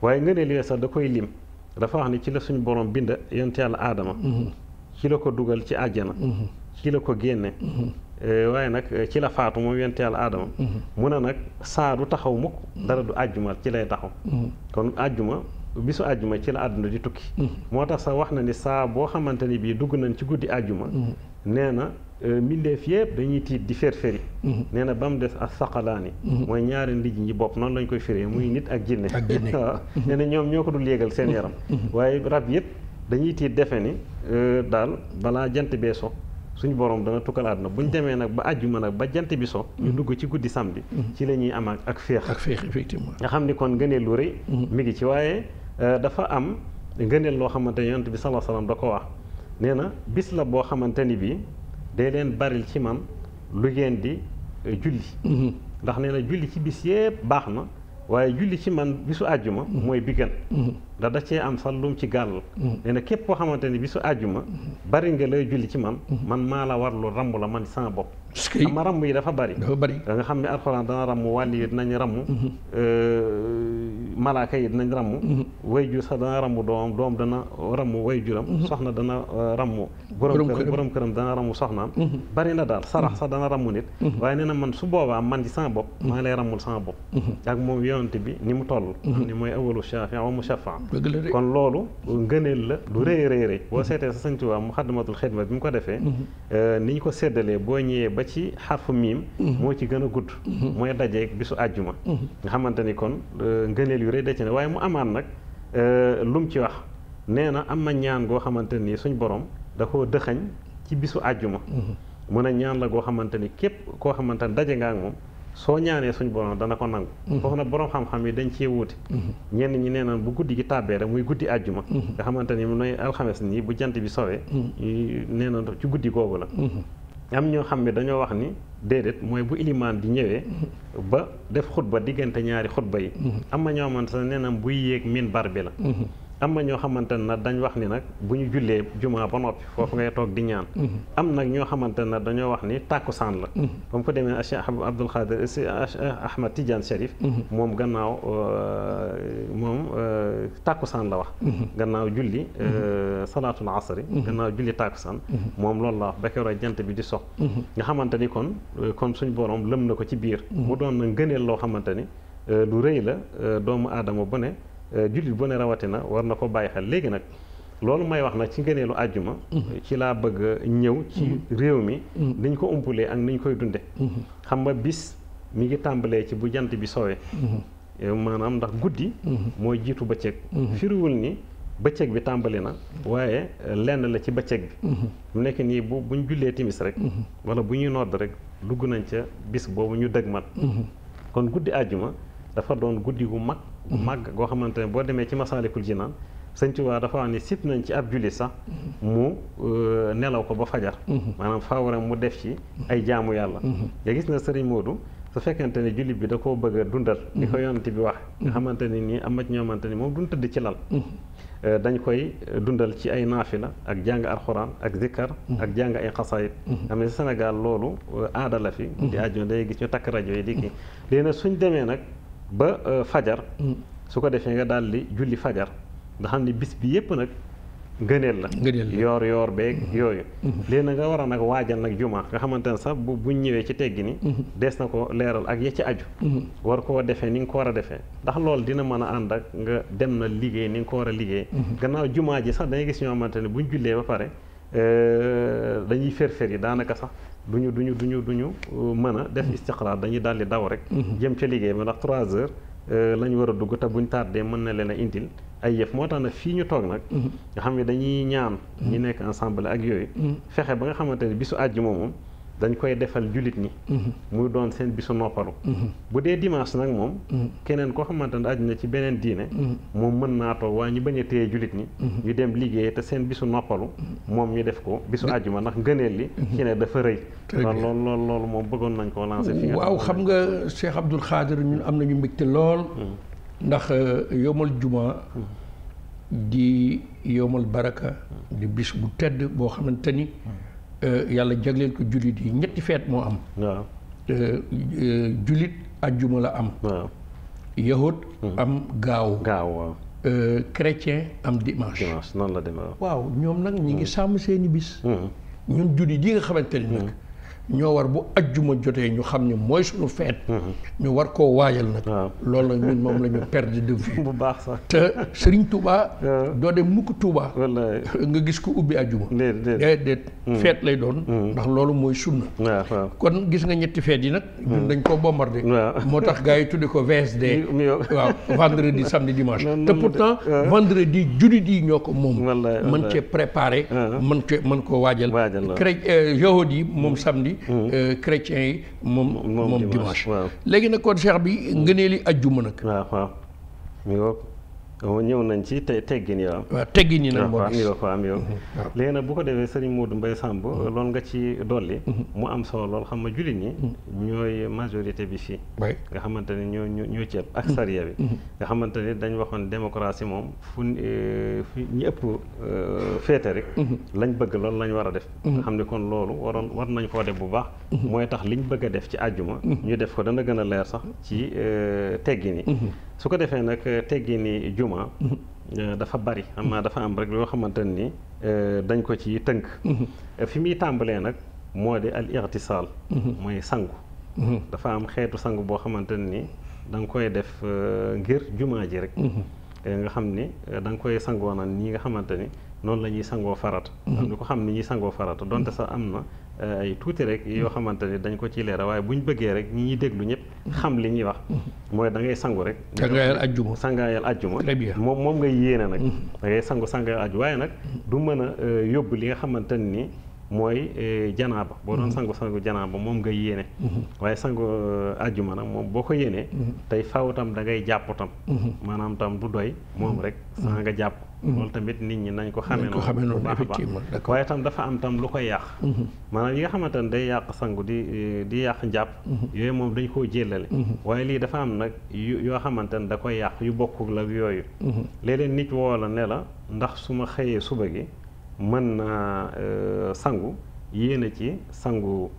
waaye ngëneel yooyu sax da koy lim dafa wax ni ci la suñu borom bind yonent yàlla aadama ci la ko dugal ci àjjana ci la ko génne eh, waaye nag eh, ci la faatu moom yonent yàlla aadama mu ne nag saa du taxaw mukk dara du àjjuma ci lay taxaw kon àjjuma bisu àjjuma ci la àdduna di tukki moo tax sax wax na ni saa boo xamante ni bii dugg nañ ci guddi àjjuma mm-hmm. nee na Euh, mbindeef yëpp dañuy tiit di féer féeri mhm. nee na ba mu des ak saqalaani mhm. mooy ñaari ndij ñi bopp noonu lañ koy firee muy nit ak jinne waaw nee na ñoom ñoo ko dul yéegal seen yaram mhm. waaye rab yëpp dañuy tiit defe ni euh, daal balaa jant bee so suñu borom dana tukkal àdduna bu ñu demee nag ba àjjuma nag ba jant bi so ñu dugg ci guddi samedi ci la ñuy am ak féex ak féex effectivement nga xam ni kon ngëneel lu rëy mi ngi ci waaye euh, dafa am ngëneel loo xamante yonent bi salaa salaam da ko wax na bis la boo xamante ni bii day leen baril ci man lu ngeen di euh, julli mhm. ndax nee na julli ci bis yëpp baax na waaye julli ci man bisu àjjuma mhm. mooy bi mhm. ndax da cee am sax lum ci gàll nee képp koo xamante ni su àjjuma bari nga lay julli ci man man maa la war lu ramb la man sama bopp am na ramm yi dafa bari dafa bari da nga xam ne alxuraan dana ramm wàll yi dinañ ramm malaaka yi dinañ ramm way jur sax dana ramm doom doom dana ramm way juram soxna dana ramm borom kër borom këram dana ramm soxnaam bari na daal sarax sax dana ramm nit waaye nee na man su boobaa man ci sama bopp maa lay rammul sama bopp ak moom yonante bi ni mu toll xam ne mooy awalu shafi wa mu shafa kon loolu ngëneel la lu rëy rëy rëy boo seetee sa sëñ Tuubaa mu xaddamatul xidma bi mu ko defee ni ñu ko séddalee boo ñëwee ba ci xarfu miim mhm. moo ci gën a gudd mhm. mooy dajeeg bisu àjjuma mhm. nga xamante ni kon euh, ngëneel yu rëy da ci ne waaye mu amaan nag euh, lu mu ci wax nee na am na ñaan goo xamante nii suñ borom da koo dëxañ ci bisu àjjuma mun a ñaan la goo xamante ni képp koo xamante ni daje nga ak moom soo ñaanee suñ borom dana ko nangu foofu nag borom xam-xam yi dañ cee wuute ñenn ñi nee naan bu guddi gi tàbbee rek muy guddi àjjuma nga xamante ni mu nooy alxames nii bu jant bi sowee nee am ñoo xam ne dañoo wax ni déedéet mooy bu ilimaan di ñëwee ba def xutba diggante ñaari xutba yi mm-hmm. am na sa xamante neenam buy yéeg minbar bi la mm-hmm. am na ñoo xamantene na dañ wax ni nak buñu jullé juma ba noppi fofu ngay tok di ñaan am nak ñoo xamantene ne dañoo wax ni takusan la bam ko démé demee Cheikh Abdoul Khadir cheikh ahmed Tidiane Cherif mom gannaaw mom takusan la wax gannaaw julli salaatul asr gannaaw julli takusan mom lool la wax ba kéro jant bi di sox nga xamante kon kon suñu borom lëm na ko ci biir mu doon na ngeenel lo xamante lu reey la doomu aadama bu ne Euh, jullit bu ne rawatina war na ko bàyyi xel léegi nag loolu may wax na ci ngëneelu àjjuma mhm. ci laa bëgg ñëw ci mhm. réew mi mhm. niñ ko umpulee ak niñ koy dunde xam nga bis mi ngi tàmbalee ci bu jant bi sowee euh, maanaam ndax guddi mooy jiitu bëccëg firiwul ni bëccëg bi tàmbali na waaye euh, lenn la ci bëccëg bi mu nekk nii bu buñ jullee timis rek wala bu ñuy nodd rek dugg nañ ca bis boobu ñu dëgmat kon guddi àjjuma dafa doon guddi gu mag màgg mm-hmm. goo xamante ne boo demee ci masaalikul jinaan sëñ Tuubaa dafa wax ni sip nañ ci ab julli sax mm-hmm. mu euh, nelaw ko ba fajar mm-hmm. maanaam faawaram mu def ci ay jaamu yàlla nga gis na sëriñ Moodu su fekkente ne jullit bi da koo bëgg a dundal li ko yonent bi wax nga xamante ni nii am na ci ni moom duñ tëdd ci lal euh, dañ koy dundal ci ay naafila ak jàng alxuraan ak zikkar ak jàng ay xasaayit xam ne Sénégal loolu euh, aada la fi di ajo day gis ñu takk rajo yi di ba euh, fajar mm. su ko defee nga daal julli fajar nga xam ne bis bi yépp nag ngëneel la yoor yoor beeg mm-hmm. yooyu mm-hmm. léegi na nga war a nag waajal nag juma nga xamante ne sax bu buñ ñëwee ci teggi ni mm-hmm. des na ko leeral ak ya ci aju war koo defee ni nga ko war a defee ndax loolu dina mën a ànd ak nga dem na liggéey ni nga ko war a liggéey gannaaw jumaa ji sax dangay gis ñoo xamante ne buñ jullee ba pare euh, dañuy ferfer yi daanaka sax duñu duñu duñu duñu mën a def istiqraar dañuy daal di daw rek jëm ca liggéey ba ndax 3 heures la ñu war a dugg te buñ tardé mën na leen a indil ay yëf moo tax nag fii ñu toog nag nga xam ne dañuy ñaan ñi nekk ensemble ak yooyu fexe ba nga xamante ne bisu àjjuma moom dañ koy defal jullit ñi. Mhm. muy doon seen bisu noppalu. Mhm. bu dee dimanche nag moom. Mhm. keneen koo xamante ne aju na ci beneen diine. moom mën naa toog waaye ñu bañ a téye jullit ñi. ñu dem liggéey te seen bisu noppalu. moom ñu def ko bisu àjjuma ndax ngëneel li. ci ne dafa rëy. lool lool moom bëggoon nañ koo lancer. fi waaw xam nga sheikh Abdoul Khadir ñun am nañu mbégte lool. ndax euh, yomal juma. di yomal baraka. di bis bu tedd boo xamante ni. Euh, yàlla jagleel ko jullit yi ñetti feet moo am. waaw euh, euh, jullit ajjuma la am. waaw hmm. am gaaw. gaaw waaw. chrétien am dimanche. dimanche la demee waaw. ñoom nag ñi ngi hmm. sàmm seeni bis. Hmm. ñun jullit yi nga xamante ni nag. ñoo war bu ajjuma jotee ñu xam ne mooy suñu feet ñu war koo waajal nag loolu nag ñun moom la ñu perdre de vue bu baax sax te Serigne Touba doo dem mukk Touba nga gis ko ubbi ajjuma déedéet mm. feet lay doon mm. ndax loolu mooy sunna kon gis nga ñetti feet yi nag ñun mm. dañ koo bombardé moo tax gars ko VSD waaw vendredi samedi dimanche te pourtant vendredi jullit yi ñoo ko moom mën cee préparé ah. mën cee mën koo waajal cré euh, yahud samedi bi. Mm. Euh, chrétiens yi moom. dimanche léegi nag kon cheikh bi mm. ngëneeli ajjuma nag. Ah, waaw waaw Oh, ñëw nañ ci te teggin yi waaw. waaw teggin yi nag moo am yow am yow. léegi nag bu ko defee sëriñ Modou Mbaye Samb mm-hmm. loolu nga ci dolli. Mm-hmm. mu am solo lool xam nga jullit ñi. Mm-hmm. ñooy majorité bi fii. nga xamante ne ñoo ñoo ci ëpp ak sariya bi. nga xamante ne dañ waxoon démocratie moom fu ñi euh, ëpp euh, féete rek. lañ bëgg loolu lañ war a def. nga xam ne kon loolu waroon war nañ koo def bu baax. mooy tax liñ bëgg a def ci àjjuma. ñu def ko dana gën a leer sax ci euh, teggin yi. su ko defee nag eh, teggi ni juma. Mhm. Eh, dafa bari xam naa mhm. dafa am rek yoo xamante ni eh, dañ ko ci tënk. Mhm. fi muy tàmbalee nag moo de al irtisaal mooy sangu. dafa am xeetu sangu boo xamante ni danga koy def ngir juma ji rek. nga xam ni da nga koy sangoo naan ñi nga xamante ni noonu la ñuy sangoo farata. am ko xam ni ñuy sangoo farata donte sa am na. ay euh, tuuti rek yoo xamante ne dañ ko ci leeral waaye bu ñu bëggee rek ñi ñuy déglu ñëpp xam li ñuy wax mooy da ngay sangu rek sangaayal ajjuma sangaayal ajjuma moom moom ngay yéene nag mm-hmm. da sangu sangaayal ajjuma waaye nag du mën a euh, yóbbu li nga xamante nii mooy eh, janaaba boo doon mm-hmm. sangu sangu janaaba moom nga yéene mm-hmm. waaye sangu eh, àjjuma nag moom boo ko yéenee mm-hmm. tey faw tam da ngay jàpp tam maanaam tam du doy moom rek saa nga jàpp ñi nañ ko xamee noonu baax a baax waaye tam dafa am tam lu koy yàq maanaam yi nga xamante ne day yàq di eh, di yàq njàpp yooyu moom dañ koo jéllale waaye lii yoo xamante ne da koy yàq yu bokkul ak yooyu léeg-léeg nit woo la ne la ndax su ma xëyee suba gi mën naa euh, sangu yéene ci sangu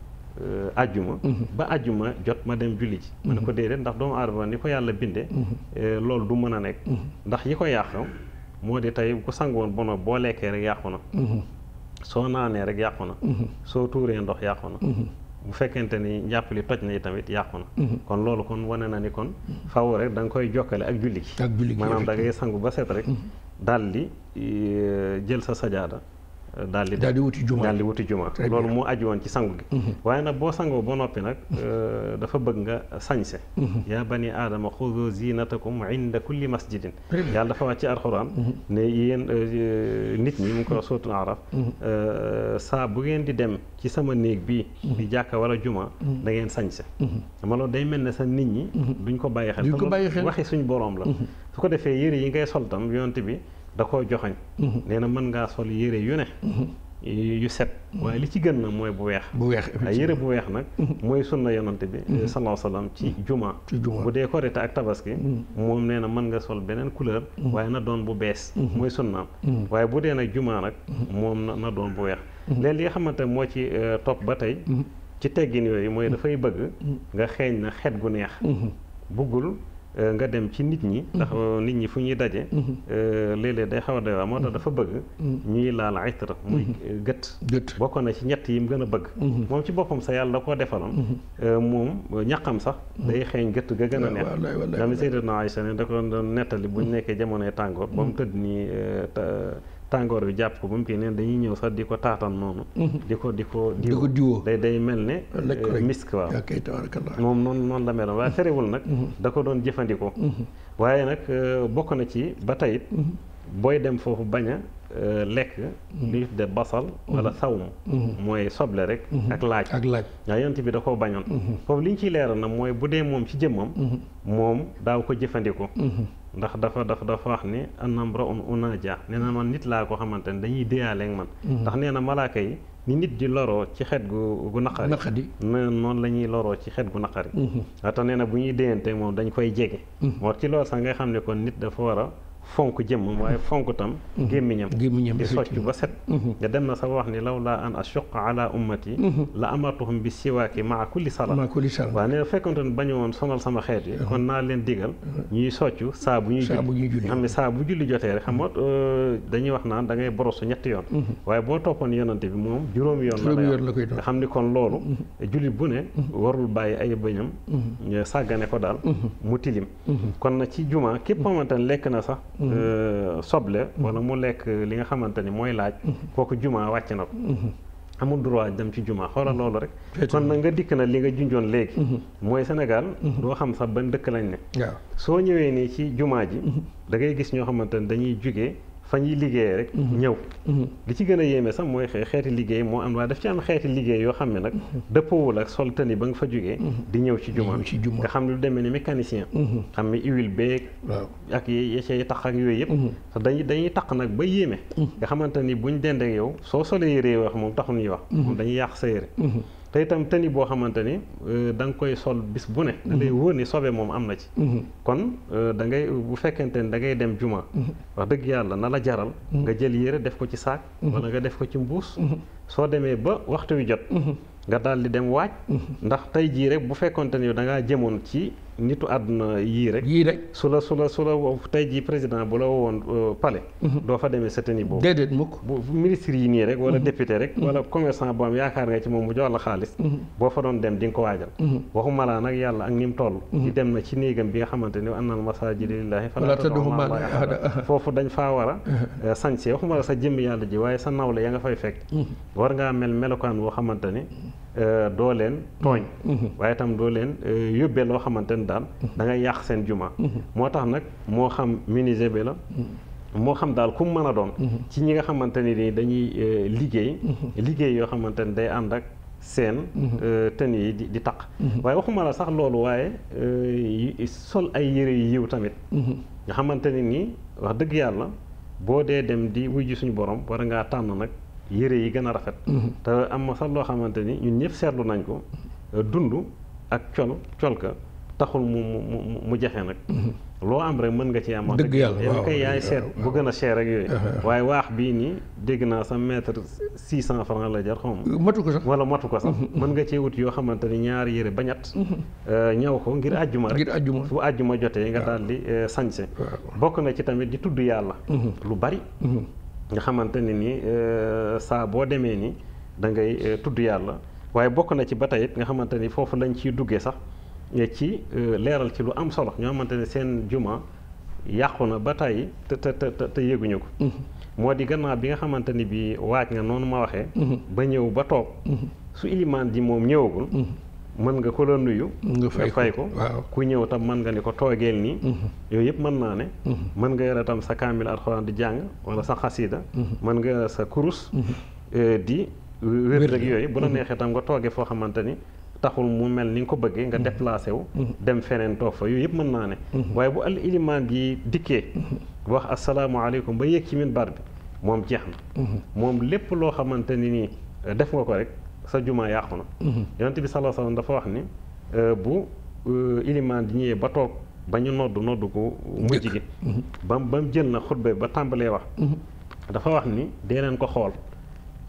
ajjuma euh, mhm. ba ajjuma jot ma dem julli ji ma ne ko mhm. déedéet ndax doomu aadama ni ko yàlla binde mhm. euh, loolu du mën a nekk ndax yi ko yàq moo di tey ku sangu woon bono boo lekkee rek yàqu na soo naanee rek yàqu na soo tuuree ndox yàqu na bu fekkente ni njàpp li toj na tamit yàqu na kon loolu kon wane na ni kon faw rek da nga koy jokkale ak julli gi maanaam da ngay sangu ba set rek daal di jël sa sajaada daal di daal di wuti juma daal di wuti juma loolu mu aju woon ci sangu gi mhm. waaye nag boo sangoo ba noppi nag mhm. euh, dafa bëgg nga sañse mhm. yaa bani aadama xudu zinatakum inda kulli masjidin yàlla dafa wàcc alxuraan ne yéen euh, nit ñi mu ngi ko sootul araf euh, saa bu ngeen di dem ci sama néeg bi di jàkka wala juma da ngeen sañse dama loolu day mel ne sa nit ñi duñ ko bàyyi xel waxi suñ boroom la su ko defee yëre yi ngay soltam yonte bi da koo joxoñ mhm. nee na mën ngaa sol yére yu ne mhm. yu set mhm. waaye li ci gën na mooy bu weex bu weex ay yére bu weex nag mooy sunna yonante bi sallallahu alayhi wasallam ci juma bu dee korite ak tabaski moom nee na mën nga sol beneen couleur waaye na doon bu bees mooy sunnaam waaye bu dee nag jumaa nag moom na na doon bu weex léegi li nga xamante moo ci euh, topp ba tey ci teggin yooyu mooy dafay bëgg nga xeeñ na xet gu neex buggul Euh, nga dem ci nit ñi. ndax mhm. nit ñi fu ñuy daje. Mhm. Euh, léeg-léeg day xaw a doy waar moo tax dafa bëgg. Mhm. ñuy laal aytara. muy gët. gët bokk na ci ñett yi mu gën a bëgg. moom ci boppam sa yàlla da koo defaloon. Euh, moom ñaqam sax. day xeeñ gët ga gën a neex. wallaay wallaay wallaay Seydina Aïcha ne da ko nettali bu ñu nekkee jamonoy tàngoor. ba mu tëdd nii. tàngoor bi jàpp ko ba mu kii neen dañuy ñëw sax di ko taatan noonu mhm. di ko di ko diw day day mel ne euh, misk waaw moom noonu noonu la meloon waaye terewul nag mhm. da ko doon jëfandikoo mhm. waaye nag euh, bokk na ci ba tayit booy dem foofu bañ a euh, lekk li ñu tuddee basal wala sawm mooy soble rek ak laaj ak laaj waaw yonent bi da koo bañoon foofu li ñu ciy leeral nag mooy bu dee moom ci jëmmam moom daaw ko jëfandikoo ndax dafa dafa dafa wax ni anam ra un unaja nee na man nit laa koo xamante ne dañuy déyaale ak man mm-hmm. ndax nee na malaaka yi ni nit di loroo ci xet gu naqari noonu la ñuy loroo ci xet gu naqari mm-hmm. ata nee na bu ñuy déyante moom dañ koy jege mm-hmm. moo ci loolu sax ngay xam ne kon nit dafa war a fonk jëmm waaye fonk tam mhm. gémmiñam di socc ba set mhm. nga dem na sa wax ni law laa an ashuqa ala ummati mhm. la amartuhum bi siwaaki maa kulli sala waaw nee na fekkonte ne bañu woon sonal sama xeet yi kon naa leen digal ñuy socc saa bu ñuy julli xam ne saa bu julli jotee rek xam nga euh, dañuy wax naan da borosu ñetti yoon waaye boo toppoon yonante bi moom juróomi yoon la koy doon nga xam ni kon loolu jullit bu ne warul bàyyi ay bañam sàggane ko daal soble wala mu lekk li nga xamante ni mooy laaj kooku juma wàcc na ko amul droit dem ci juma xoolal loolu rek kon na nga dikk na li nga junjoon léegi mooy Sénégal doo xam sax ban dëkk lañ ne soo ñëwee nii ci juma ji da ngay gis ñoo xamante ni dañuy jugee fa ñuy liggéeyee rek. Mhm. ñëw. Mhm. li ci gën a yéeme sax mooy xeeti liggéey moo am waaye ci am xeeti liggéey yoo xam ne nag. Mhm. dëppoowul ak sol tani ba nga fa jógee. di ñëw ci jumaa ci jumaa nga xam ne lu demee ni mécanicien. xam ne huile beeg. ak ya cay tax ak yooyu yëpp. dañuy dañuy taq nag ba yéeme. nga xamante ni buñ dend yow soo solee yére wax moom taxul ñuy wax. moom dañuy yàq sa yére. te itam tenue boo xamante ni euh, da nga koy sol bis bu ne. da mhm. lay wóor ni sobe moom am na ci. Mhm. kon euh, da ngay bu fekkente ni da ngay dem juma. Mhm. wax dëgg yàlla na la jaral. nga jël yére def ko ci saak. wala nga def ko ci mbuus. soo demee ba waxtu wi jot. nga daal di dem waaj. ndax tey jii rek bu fekkonte ni da ngaa jëmoon ci. nitu àdduna yii rek. yii rek su la su la su la tey jii président bu la woon euh, palais. Mhm. doo fa demee satani boobu. déedéet mukk bu ministre yi nii rek. wala mhm. député rek. wala mhm. commerçant boo am yaakaar nga ci moom mu jox la xaalis. boo fa doon dem di nga ko waajal. waxuma laa nag yàlla ak ni mu toll. di dem na ci néegam bi nga xamante ne anna al masaajida lillaahi falaa foofu dañ faa war a euh, sañse waxuma la sa jëmm yàlla ji waaye sa nawle ya nga fay fekk. war ngaa mel melokaan boo xamante Euh, doo leen tooñ mm-hmm. waaye itam doo leen euh, yóbbee loo xamante ne daal mm-hmm. da yàq seen juma mm-hmm. moo tax nag moo xam menuisier bi la moo xam daal ku mu mën a doon ci ñi nga xamante ni nii dañuy euh, liggéey liggéey yoo xamante ni day ànd ak seen ten yi di taq waaye waxuma la sax loolu waaye sol ay yére yu yiw tamit nga xamante ni nii wax dëgg yàlla boo dee dem di wujji suñu borom war ngaa tànn nag yére yi gën a rafet mhm. te am na sax loo xamante ni ñun ñëpp seetlu nañ ko dund ak col col ka taxul mu mu mu jafe nag mhm. loo am rek mën nga ci am dëgg yàlla yow kay yaay seet bu gën a cher ak yooyu waaye waax bii nii dégg naa sa mètre six cent la jar xaw ma sax wala matu ko sax mhm. mën nga cee wut yoo xamante ni ñaari yére bañat euh, ñaw ko ngir àjjuma rek ngir àjjuma bu àjjuma jotee nga daal di euh, bokk na ci tamit di tudd yàlla lu bari nga xamante ne ni euh, saa boo demee ni dangay ngay euh, tudd yàlla waaye bokk na ci ba tey nga xamante ni foofu lañ ciy duggee sax eh, ci euh, leeral ci lu am solo ñoo xamante ne seen juma yàqu na ba tey te te te te yéguñu ko. Mm-hmm. moo di gannaaw bi nga xamante ni bi waaj nga noonu ma waxee. Mm-hmm. ba ñëw ba toog. Mm-hmm. su ilimaan ji moom ñëwagul. mën nga ko la nuyu. nga fay ko ku ñëw tam mën nga ni ko toogeel nii. Mhm. yooyu yëpp mën naa ne. Mhm. mën nga yore tam sa kaamil alxuraan di jàng wala sa xasida mhm. mën nga yore sa kurus. Eh, di wér rek yooyu bu la neexee tam nga toogee foo xamante ni. taxul mu mel ni nga ko bëggee nga déplacé wu dem feneen toog fa yooyu yëpp mën naa ne waaye bu àll ilimaan gi dikkee wax asalaamaaleykum ba yëg ci min bar bi moom jeex na moom lépp loo xamante ni nii eh, def nga ko rek sa juma yàqu na mhm. yonent bi sallallahu alayhi wasallam dafa wax ni euh, bu euh, ilimaan di ñëwee ba toog ba ñu nodd nodd ko mujj gi mhm. ba ba mu jël na xutbe ba tàmbalee wax mhm. dafa wax ni dee leen ko xool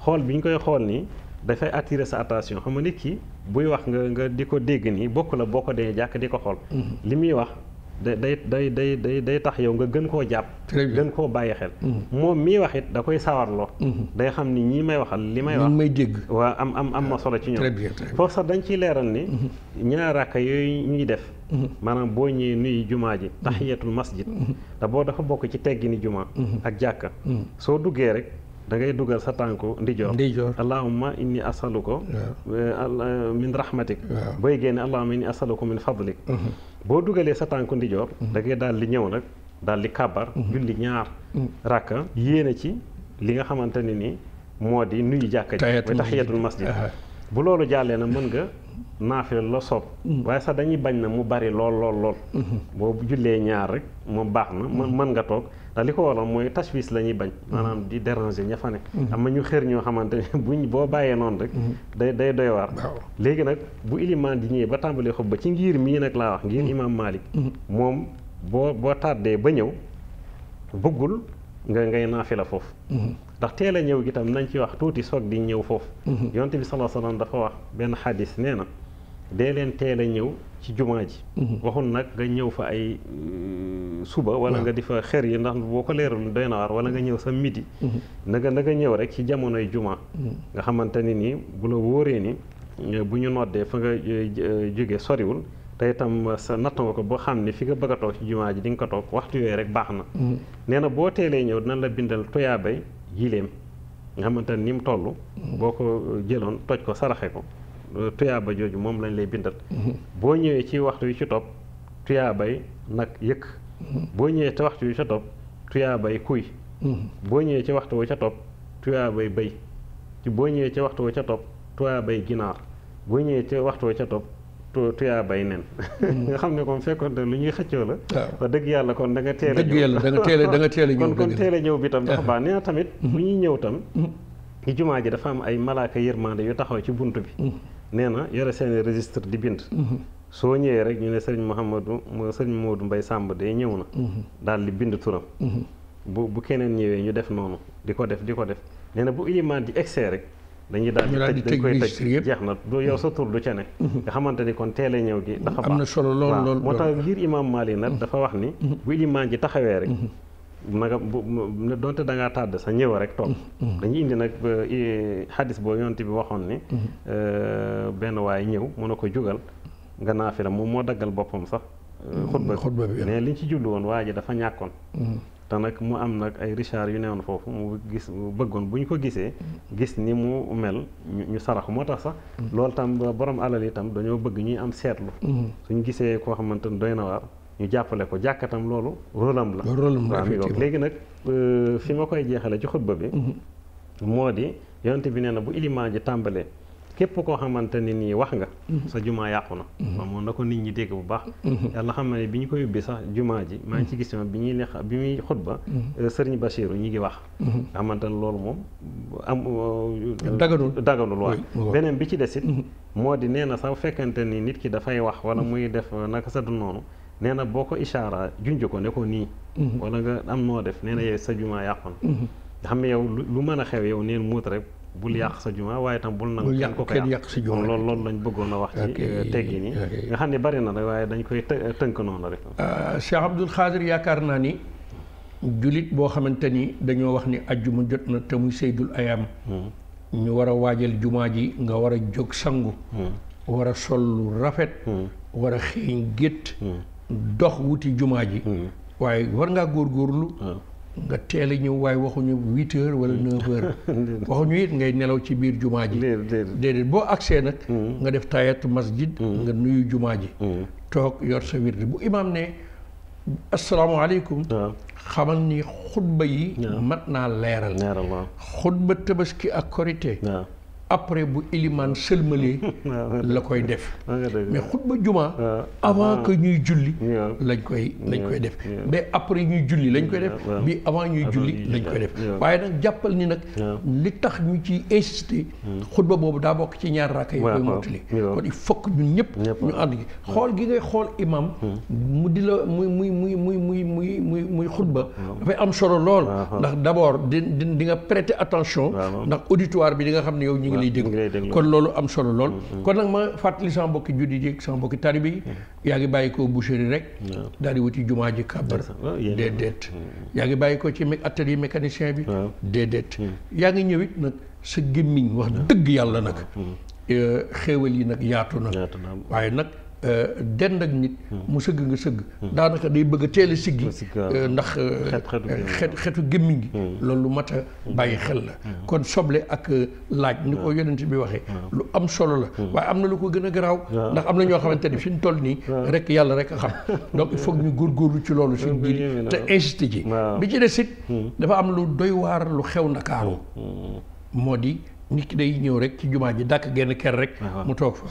xool bi ñu koy xool nii dafay attirer sa attention xam nga nit ki buy wax nga nga di ko dégg nii bokk la boo ko dee jàkk di ko xool li muy wax da day day day day day tax yow nga gën koo jàpp. gën koo bàyyi xel. Mm-hmm. moom mii wax it da koy sawarloo. Mm-hmm. day xam ni ñii may waxal li may. wax may dégg waa am am am ma solo ci ñoom. foofu sax dañ ciy leeral ni. Mm-hmm. ñaar rakk yooyu ñuy def. maanaam boo ñëwee nuyu jumaa ji taxiyatul masjid. te boo dafa bokk ci teggini jumaa ak jàkka. soo duggee rek. da ngay dugal sa tànku ndijoor ndijoor allahumma inni asaluko min rahmatik booy génne allahumma inni asaluko min fadlik boo dugalee sa tànku ndijoor mhm. da ngay daal di ñëw nag daal di kàbbar mhm. julli ñaar mhm. rakka yéene ci li nga xamante ne ni moo di nuyu jàkka ji tahiyatul masjid bu loolu jàllee na mën nga naafila la soob waaye sax dañuy bañ na mu bari lool lool lool boo jullee ñaar rek moom baax na mën mën nga toog ndax li ko waral mooy tashwiis la ñuy bañ mm-hmm. maanaam di déranger ña fa ne mm-hmm. am na ñu xër ñoo xamante ne buñ boo bàyyee noonu rek mm-hmm. day day doy waar léegi nag bu ilimaan di ñëwee ba tàmbalee xob ba ci ngir mii nag laa wax ngir imaam Malik moom boo boo tardee ba ñëw bëggul nga ngay la foofu ndax teel a ñëw gi tam nañ ci wax tuuti soog di ñëw foofu yonte bi sallallahu dafa wax benn xadis nee na dee leen teel a ñëw ci jumaa ji mhm. waxul nag nga ñëw fa ay euh, suba wala nga di fa xer yi ndax boo ko leerul doy na waar wala nga ñëw sa midi mhm. na nga na nga ñëw rek ci jamonoy jumaa mhm. nga xamante ni nii bu la wóoree ni euh, bu ñu noddee fa nga euh, jóge soriwul te itam sa natt nga ko boo xam ne fi nga bëgg a toog ci jumaa ji di nga ko toog waxtu yooyu rek baax na nee na boo teelee ñëw dina la bindal tuyaabay jileem nga xamante ni mu toll boo ko jëloon toj ko saraxe ko tuyaaba jooju moom lañu lay bindal mm-hmm. boo ñëwee ci waxtu wi ci topp tuyaabay nag yëkk mm-hmm. boo ñëwee ci waxtu wi ca topp tuyaabay kuy mm-hmm. boo ñëwee ci waxtu wi ca topp tuyaabay bay ci boo ñëwee ci waxtu wi ca topp tuyaabay ginaar boo ñëwee ci waxtu wi ca topp tuyaa bay nen nga xam ne kon fekkoon lu ñuy xëccoo la wax dëgg yàlla kon da nga teel a ñëw kon kon teel a ñëw bi tam dafa ah. baax nee tamit bu ñuy ñëw tam ci jumaa ji dafa am ay malaaka yërmande yu taxaw ci bunt bi nee na yore seeni registre di bind mhm. soo ñëwee rek ñu ne sëriñ Mouhamadou sëriñ Modou Mbaye Samb de ñëw na mhm. daal di bind turam mhm. bu bu keneen ñëwee ñu def noonu di ko def di ko def nee na bu ilimaan di excès rek dañuy daal di tëj dañ koy tëj jeex na du yow sa tur du ca nga xamante ni kon teel a ñëw gi dafa baax na solo lool lool moo tax ngir imaam Maalik nag dafa wax ni bu ilimaan ji taxawee rek naka bu donte da ngaa tàdd sa ñëw rek toog. Mm-hmm. Mm-hmm. dañuy indi nag xadis boo yonent bi waxoon ni. Mm-hmm. Euh, benn waay ñëw mu ne ko jugal nga naafila moom moo daggal boppam sax. xutba euh, xutba bi mais liñ ci jublu woon waa ji dafa ñàkkoon. te nag mu am nag ay Richard yu newoon foofu mu gis bëggoon bu ñu ko gisee gis ni mu mel ñu sarax moo tax sax loolu tam borom alal itam dañoo bëgg ñuy am seetlu suñ gisee koo xamante ni doy na waar ñu jàppale ko jàkkatam loolu rôlam la waaw mi ngoog léegi nag euh, fi ma koy jeexale ci xutba bi mhm. moo di yonte bi nee na bu ilimaa ji tàmbalee képp koo xamante ne nii wax nga mhm. sa jumaa yàqu na mhm. waaw moom na ko nit ñi dégg bu baax yàlla xam bi ñu ko yóbbi sax jumaa ji bi ñuy lex bi muy xutba euh, sëriñ Bachiru ñi ngi wax nga xamante ne loolu moom am euh, daganul daganul waaw beneen bi ci desit moo di nee na fekkante ni nit ki dafay wax wala muy def naka sa du noonu nee na boo ko ishaara junj ko ne ko nii. Mhm. wala nga am noo def nee na mhm. sa jumaa yàqoon. Mhm. nga xam ne yow lu mën a xew yow neen muut rek. bul yàq sa juma waaye tam bul nangu kenn ko ko yàq sa juma loolu loolu lañ bëggoon wax ci euh, teggi nii nga xam ne bari na rek waaye dañ koy tënk noonu rek euh, Cheikh Abdoul Khadir yaakaar naa ni jullit boo xamante ni dañoo wax ni ajjuma jot na te muy seydul ayam hmm. ñu war a waajal jumaa ji nga war a jóg sangu hmm. war a sol lu rafet hmm. war a xëeñ gétt dox wuti jumaa ji hmm. waaye war ngaa góor góorgóorlu hmm. nga teel a ñëw waaye waxuñu huit heures wala hmm. waxuñu it ngay nelaw ci biir jumaa ji déedéet boo agsee nag nga def taayatu masjid nga nuyu jumaa ji toog yor sa bi bu imaam ne asalaamaaleykum xamal ni xutba yi mat naa leeral xutba tabaski ak korite après bu ilimaan sëlmalee ah, la koy def ah, mais xutba juma ah, avant que ñuy julli lañ koy lañ def mais après ñuy julli lañ koy def bi avant ñuy julli lañ koy def waaye nag jàppal ni nag li tax ñu ci insister mm. xutba boobu daa bokk ci ñaar rakka yi koy mottali kon il faut que ñun ñëpp ñu ànd gi xool gi ngay xool imam mm. mu di la muy muy muy muy muy muy muy muy xutba dafay am solo lool ndax d'abord di di nga prêter attention ndax auditoire lay déglu kon loolu am solo lool mm-hmm. kon nag ma fàttali sama mbokki juddi ji sama mbokki taribi yi mm-hmm. yaa ngi bàyyi ko boucherie rek daal di wuti jumaa ji kàbbar déedéet mm-hmm. yaa ngi bàyyi ko ci atelier mécanicien bi déedéet yaa ngi ñëwit nag sa gémmiñ wax dëgg yàlla nag eh, xéewal yi nag yaatu na waaye nag Euh, dend ak nit. Hmm. mu sëgg nga sëgg. Hmm. daanaka day bëgg a teel a siggi. Euh, ndax euh, xet xetu gémmiñ gi. Hmm. loolu lu mat a bàyyi xel la. kon soble ak laaj ni ko yonent bi waxee. lu am solo la. waaye am na lu ko gën a garaaw. ndax am na ñoo xamante ni fi ñu toll nii. rek yàlla rek a xam donc il faut góor góorgóorlu ci loolu. suñu biir te insisté ci. bi ci des it. dafa am lu doy waar lu xew Ndakaaru. moo di nit ki day ñëw rek ci jumaa ji dàkk genn ker rek. Ah, ah. mu toog fa.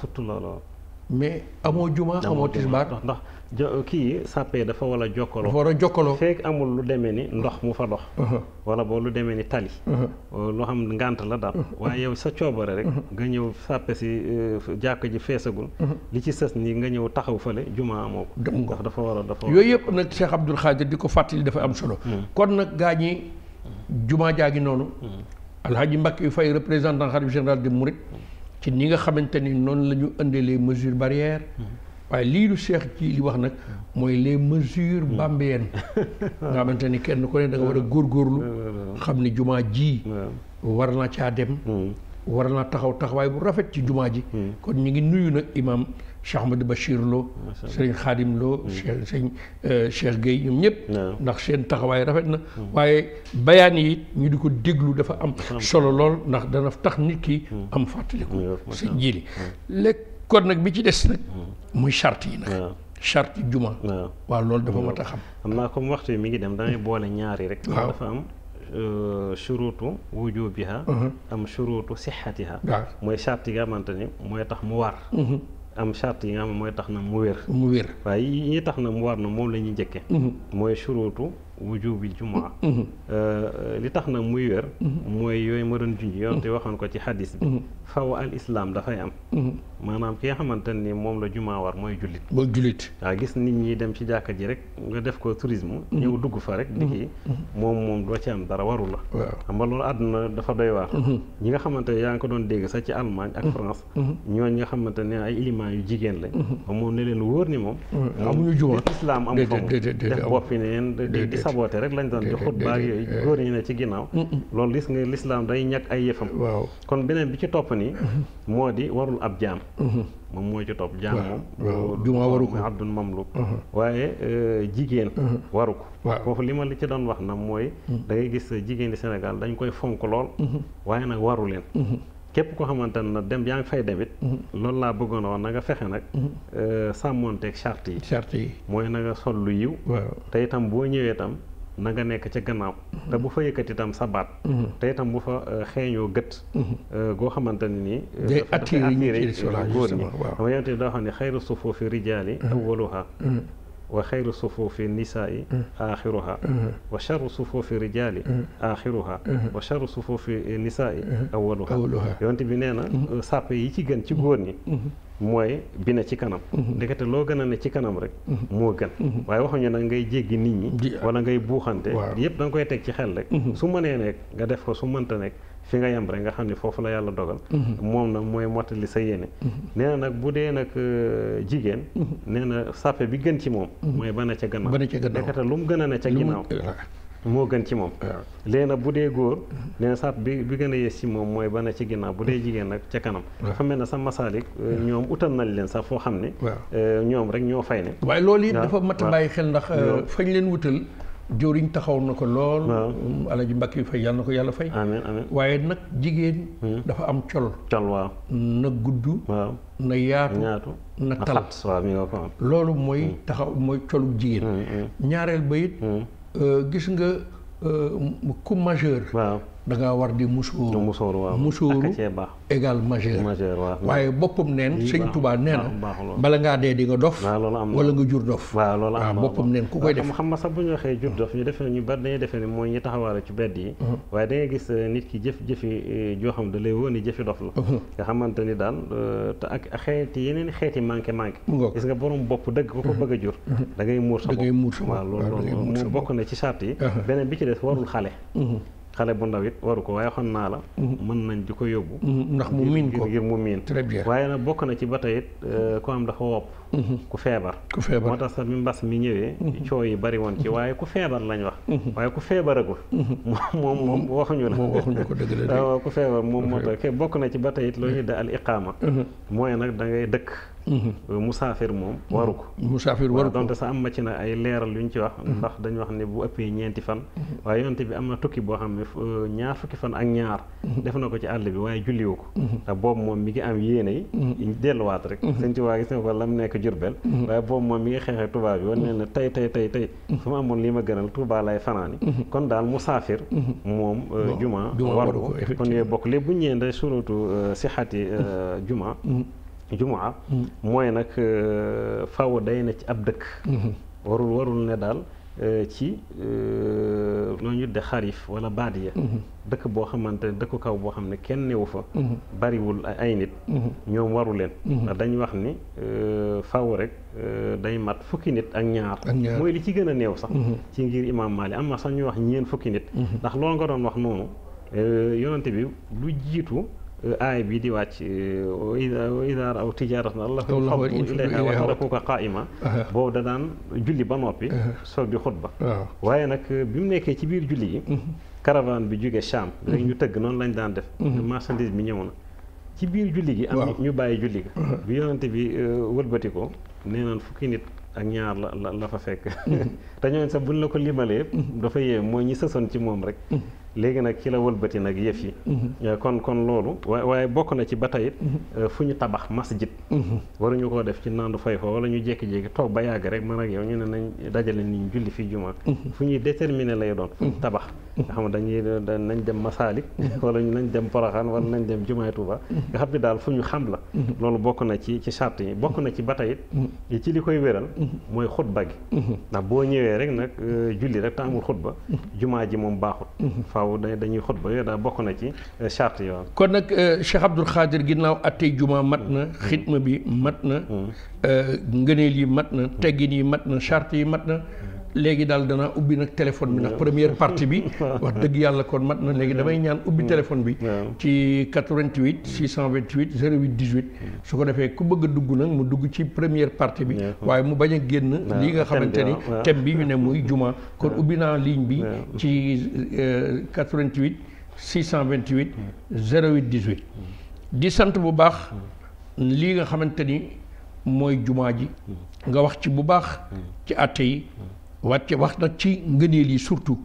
mais amoo juma amoo tisbaar ndox ndox kii sàppe dafa war a jokkaloo war a jokkaloo fekk amul lu demee ni ndox mu fa dox uh-huh. wala boo lu demee ni tali uh-huh. uh, loo xam ngànt la daal uh-huh. waaye yow sa coobare rek nga ñëw sàppe si uh, jàkk ji feesagul li ci sës ni nga ñëw taxaw fële juma amoo ko dafa war a dafa yooyu yëpp nag Cheikh Abdoul Khadir di ko fàttali dafa am solo hmm. kon nag gaa ñi juma jaa gi noonu hmm. alhaji Mbacke yu fay représentant xarit général de Mouride ci ni nga xamante ni noonu la ñu indee les mesures barrières waaye lii lu Cheikh ci li wax nag mooy les mesure bambéennes nga xamante ni kenn ku ne da war a góor góorgóorlu xam ni jumaa ji war na caa dem hmm. war naa taxaw taxawaay bu rafet ci jumaa ji hmm. kon ñu ngi nuyu nag imaam Cheikh Ahmadou Bachir Lo sëriñ Khadim Lo hmm. Cheikh sëriñ euh, Cheikh Gueye ñoom ñëpp ndax seen taxawaay rafet na hmm. waaye bayaan yi ñu di ko déglu dafa am solo lool ndax dana tax nit ki am fàttaliku sëñ jili léeg kon nag bi ci des nag muy charte yi nag charte jumaa waaw loolu dafa mat a xam xam naa comme waxtu mi ngi dem damay boole ñaari rek آه، شروط وجوبها ام شروط صحتها نعم. موي شرط يغا مانتاني موي تخ مو وار ام شرط يغا موي تخ نا مو وير مو وير واي ني تخ نا مو وار نا موم لا ني نجيكه موي شروط وجوب الجمعه اه لي تخ نا مو وير موي يوي ما دون جوني يونتي واخان كو تي حديث فوا الاسلام دا فاي ام maanaam ki nga xamante ni moom la jumaa war mooy jullit. mooy jullit. waaw gis nit ñi dem ci jàkka ji rek nga def ko tourisme. Mm-hmm. ñëw dugg fa rek. di kii mm-hmm. Mm-hmm. moom moom doo ci am dara waru la. waaw xam nga loolu àdduna dafa doy waar. ñi nga xamante ne yaa ngi ko doon dégg sax ci Allemagne ak France. ñooñu xamante ne ay iliman yu jigéen la moom ne leen wóor ni moom. amuñu juma islam am fa def bopp yi ne di di rek lañ doon di xutba ak yooyu góor ñi ne ci ginnaaw. loolu gis nga l'islam day ñàkk ay yëfam. waaw kon beneen bi ci topp nii. moo di warul ab jaam moom moo ci topp jaam moom jumaa waru ko abdul mamluk uh-huh. waaye euh, jigéen uh-huh. waru ko foofu li ma li ci doon wax na mooy uh-huh. da ngay gis jigéen di Sénégal koy fonk lool waaye nag waru leen képp ko xamante na dem yaa ngi fay demit loolu laa bëggoon a wax na nga fexe nag euh, sàmmoonteeg charte yi charte yi mooy na nga sol lu yiw te itam boo ñëwee itam na nga nekk ca gannaaw mhm. te bu fa yëkkati itam sa baat mhm. te itam bu fa euh, xeeñoo gët mhm. euh, goo xamante ne nii euh, dafay attiré góor ñi dama yonte bi daa xam ne xayru sufuufi rijaali awwaluha wa xayru sufuufi nisaai axiruha wa charru sufuufi rijaali axiruha wa charru sufuufi nisaai awaluha yonte bi nee na sàppe yi ci gën ci góor ñi mooy bi ci kanam ndekete loo gën ne ci kanam rek moo gën waaye waxuñu nag ngay jéggi nit ñi wala ngay buuxante yëpp da nga koy teg ci xel rek su mënee nekk nga def ko su mënta nekk fi nga yem rek nga xam ne foofu la yàlla dogal mm-hmm. moom nag mooy mottali sa yéene mm-hmm. nee na nag bu dee nag euh, jigéen mm-hmm. nee na sàppe bi gën ci moom mooy bana ca gannaaw nekkata lu mu gën a ne ca ginnaaw moo gën ci moom léegi nag bu dee góor na sàpp bi bi gën a yees moom mooy ba na ci ginnaaw bu dee jigéen nag ca kanam dafa mel ne sa masaalik euh, ñoom utal nañ leen sax foo xam ne euh, ñoom rek ñoo fay ne waaye loolu it dafa mat xel ndax fañ leen wutal jóoriñ taxaw na ko lool. alaji mbàkk yu fay yàlla na ko yàlla fay. amiin amiin waaye nag jigéen. Hmm. dafa am col. col waaw na gudd. waaw na yaatu. na tal loolu mooy hmm. taxaw mooy colub jigéen. Hmm, ñaareel ba it. Euh, gis nga euh, ku majeur. da ngaa war di musóoru musóoru égal waa waaye boppam neen sëñ tubaa nee na bala ngaa dee di nga dof wala nga jur dof waaw loolu am boppam neen ku koy def xam nga sax bu ñu waxee jur dof ñu defee ñu bari dañuy defee ne mooy ñi taxawaale ci bedd yi uh-huh. waaye da gis eh, nit ki jëf jëfi eh, joo xam da lay wóor ni jëfi la uh-huh. nga xamante ni daal eh, te ak xeeti yeneen xeeti manqué manqué gis nga borom bopp dëgg ku ko bëgg a jur uh-huh. da ngay muur sa bopp waaw loolu loolu bokk na ci charte yi beneen bi ci des warul xale xale bu ndaw it waru ko waaye xon naa la. Mhm. mën nañ di ko yóbbu. Mhm. ndax mu miin ko ngir mu miin. très bien waaye nag bokk na ci ba tey it euh, ko am dafa wopp. Mm-hmm. ku feebar ku moo tax sax bi mbas mi ñëwee mm-hmm. coow yi bari woon ci waaye ku feebar lañ wax mm-hmm. waaye ku feebaragul moom moom waxuñu la waxuñu ko dëgg ba tey it loolu ñu de al iqaama mooy nag da ngay dëkk musaafir ko musaafir waru ko donte sax am na ci na ay ci wax ndax dañu wax ne bu ëppee ñeenti fan waaye yonte bi am na tukki boo xam ne euh, ñaar fukki fan ak ñaar def na ko ci àll bi moom mi ngi am yéene yi delluwaat rek sëñ ci waa gis nga ko lam nekk Jurbel mhm. waaye boobu moom mi ngi xeexee tubaab yi wane na tey tey tey tey mhm. su ma amoon lii ma gënal Tuubaa lay fanaani mhm. kon daal musaafir moom euh, juma waru ko kon yooyu bokk lépp bu ñëwee nday suratu euh, sixati euh, juma jumaa mooy nag faw day na ci ab dëkk warul warul ne daal Euh, ci loo ñu de xarif wala baadiya mhm. dëkk boo xamante ne dëkk kaw boo xam ne kenn newu fa mhm. bariwul ay nit mhm. ñoom waru leen ndax dañ wax ni euh, faw rek euh, day mat fukki nit ak ñaar mooy li ci gën a néew sax ci ngir imaam Maalik am na sax ñu wax ñeen fukki nit ndax loo nga doon wax noonu yonante bi lu jiitu aay bii di wàcc wa idaa raw tijaaratan allaw infaddu ilayhaa wa tarakuuka qaa'iman boobu da daan julli ba noppi soog di ba waaye nag bi mu nekkee ci biir julli yi caravane bi jóge Cham léegi ñu tëgg noonu lañ daan def marchandise bi ñëw na ci biir julli gi am ñu bàyyi julli gi bi yonante bi wëlbati ko nee naan fukki nit ak ñaar la la fa fekk te ñooñu sax buñ la ko limalee dafa yee mooy ñi sësoon ci moom rek léegi nag ci la wëlbati nag yëf yi mm-hmm. euh, kon kon loolu waaye bokk na ci ba tey mm-hmm. euh, fu ñu tabax masjid mm-hmm. ñu koo def ci nandu fay fa wala ñu jékki-jékki toog ba yàgg rek man ak yow ñu ne nañu dajale ni ñu julli fii jumaa fu ñuy déterminer lay doon fu ñu tabax nga xam ne dañuy nañ dem Masalik wala nañ dem Poroxaan wala nañ dem Jumaay Tuuba nga xam ne daal fu ñu xam la loolu bokk na ci ci charte yi bokk na ci ba tey it ci li koy wéral mooy xutba gi ndax boo ñëwee rek nag euh, julli rek te amul xutba jumaa ji moom baaxut faaw dañuy xutba yooyu daal bokk na ci euh, charte yi waaw kon nag euh, Cheikh Abdoul Khadir ginnaaw attey juma mat na xitma bi mat na ngëneel yi mat na teggin yi mat na charte yi mat na léegi daal danaa ubbi nag téléphone bi ndax première partie bi wax dëgg yàlla kon mat na léegi damay ñaan ubbi téléphone bi ci 88 628 08 18 su ko defee ku bëgg dugg nag mu dugg ci première partie bi waaye mu bañ a génn lii nga xamante ni thème bi ñu ne muy juma kon ubbi naa ligne bi ci 88 628 08 18 di sant bu baax lii nga xamante ni mooy jumaa ji mm. nga wax ci bu baax ci àtte yi mm. wàcce wax nag ci ngëneel yi surtout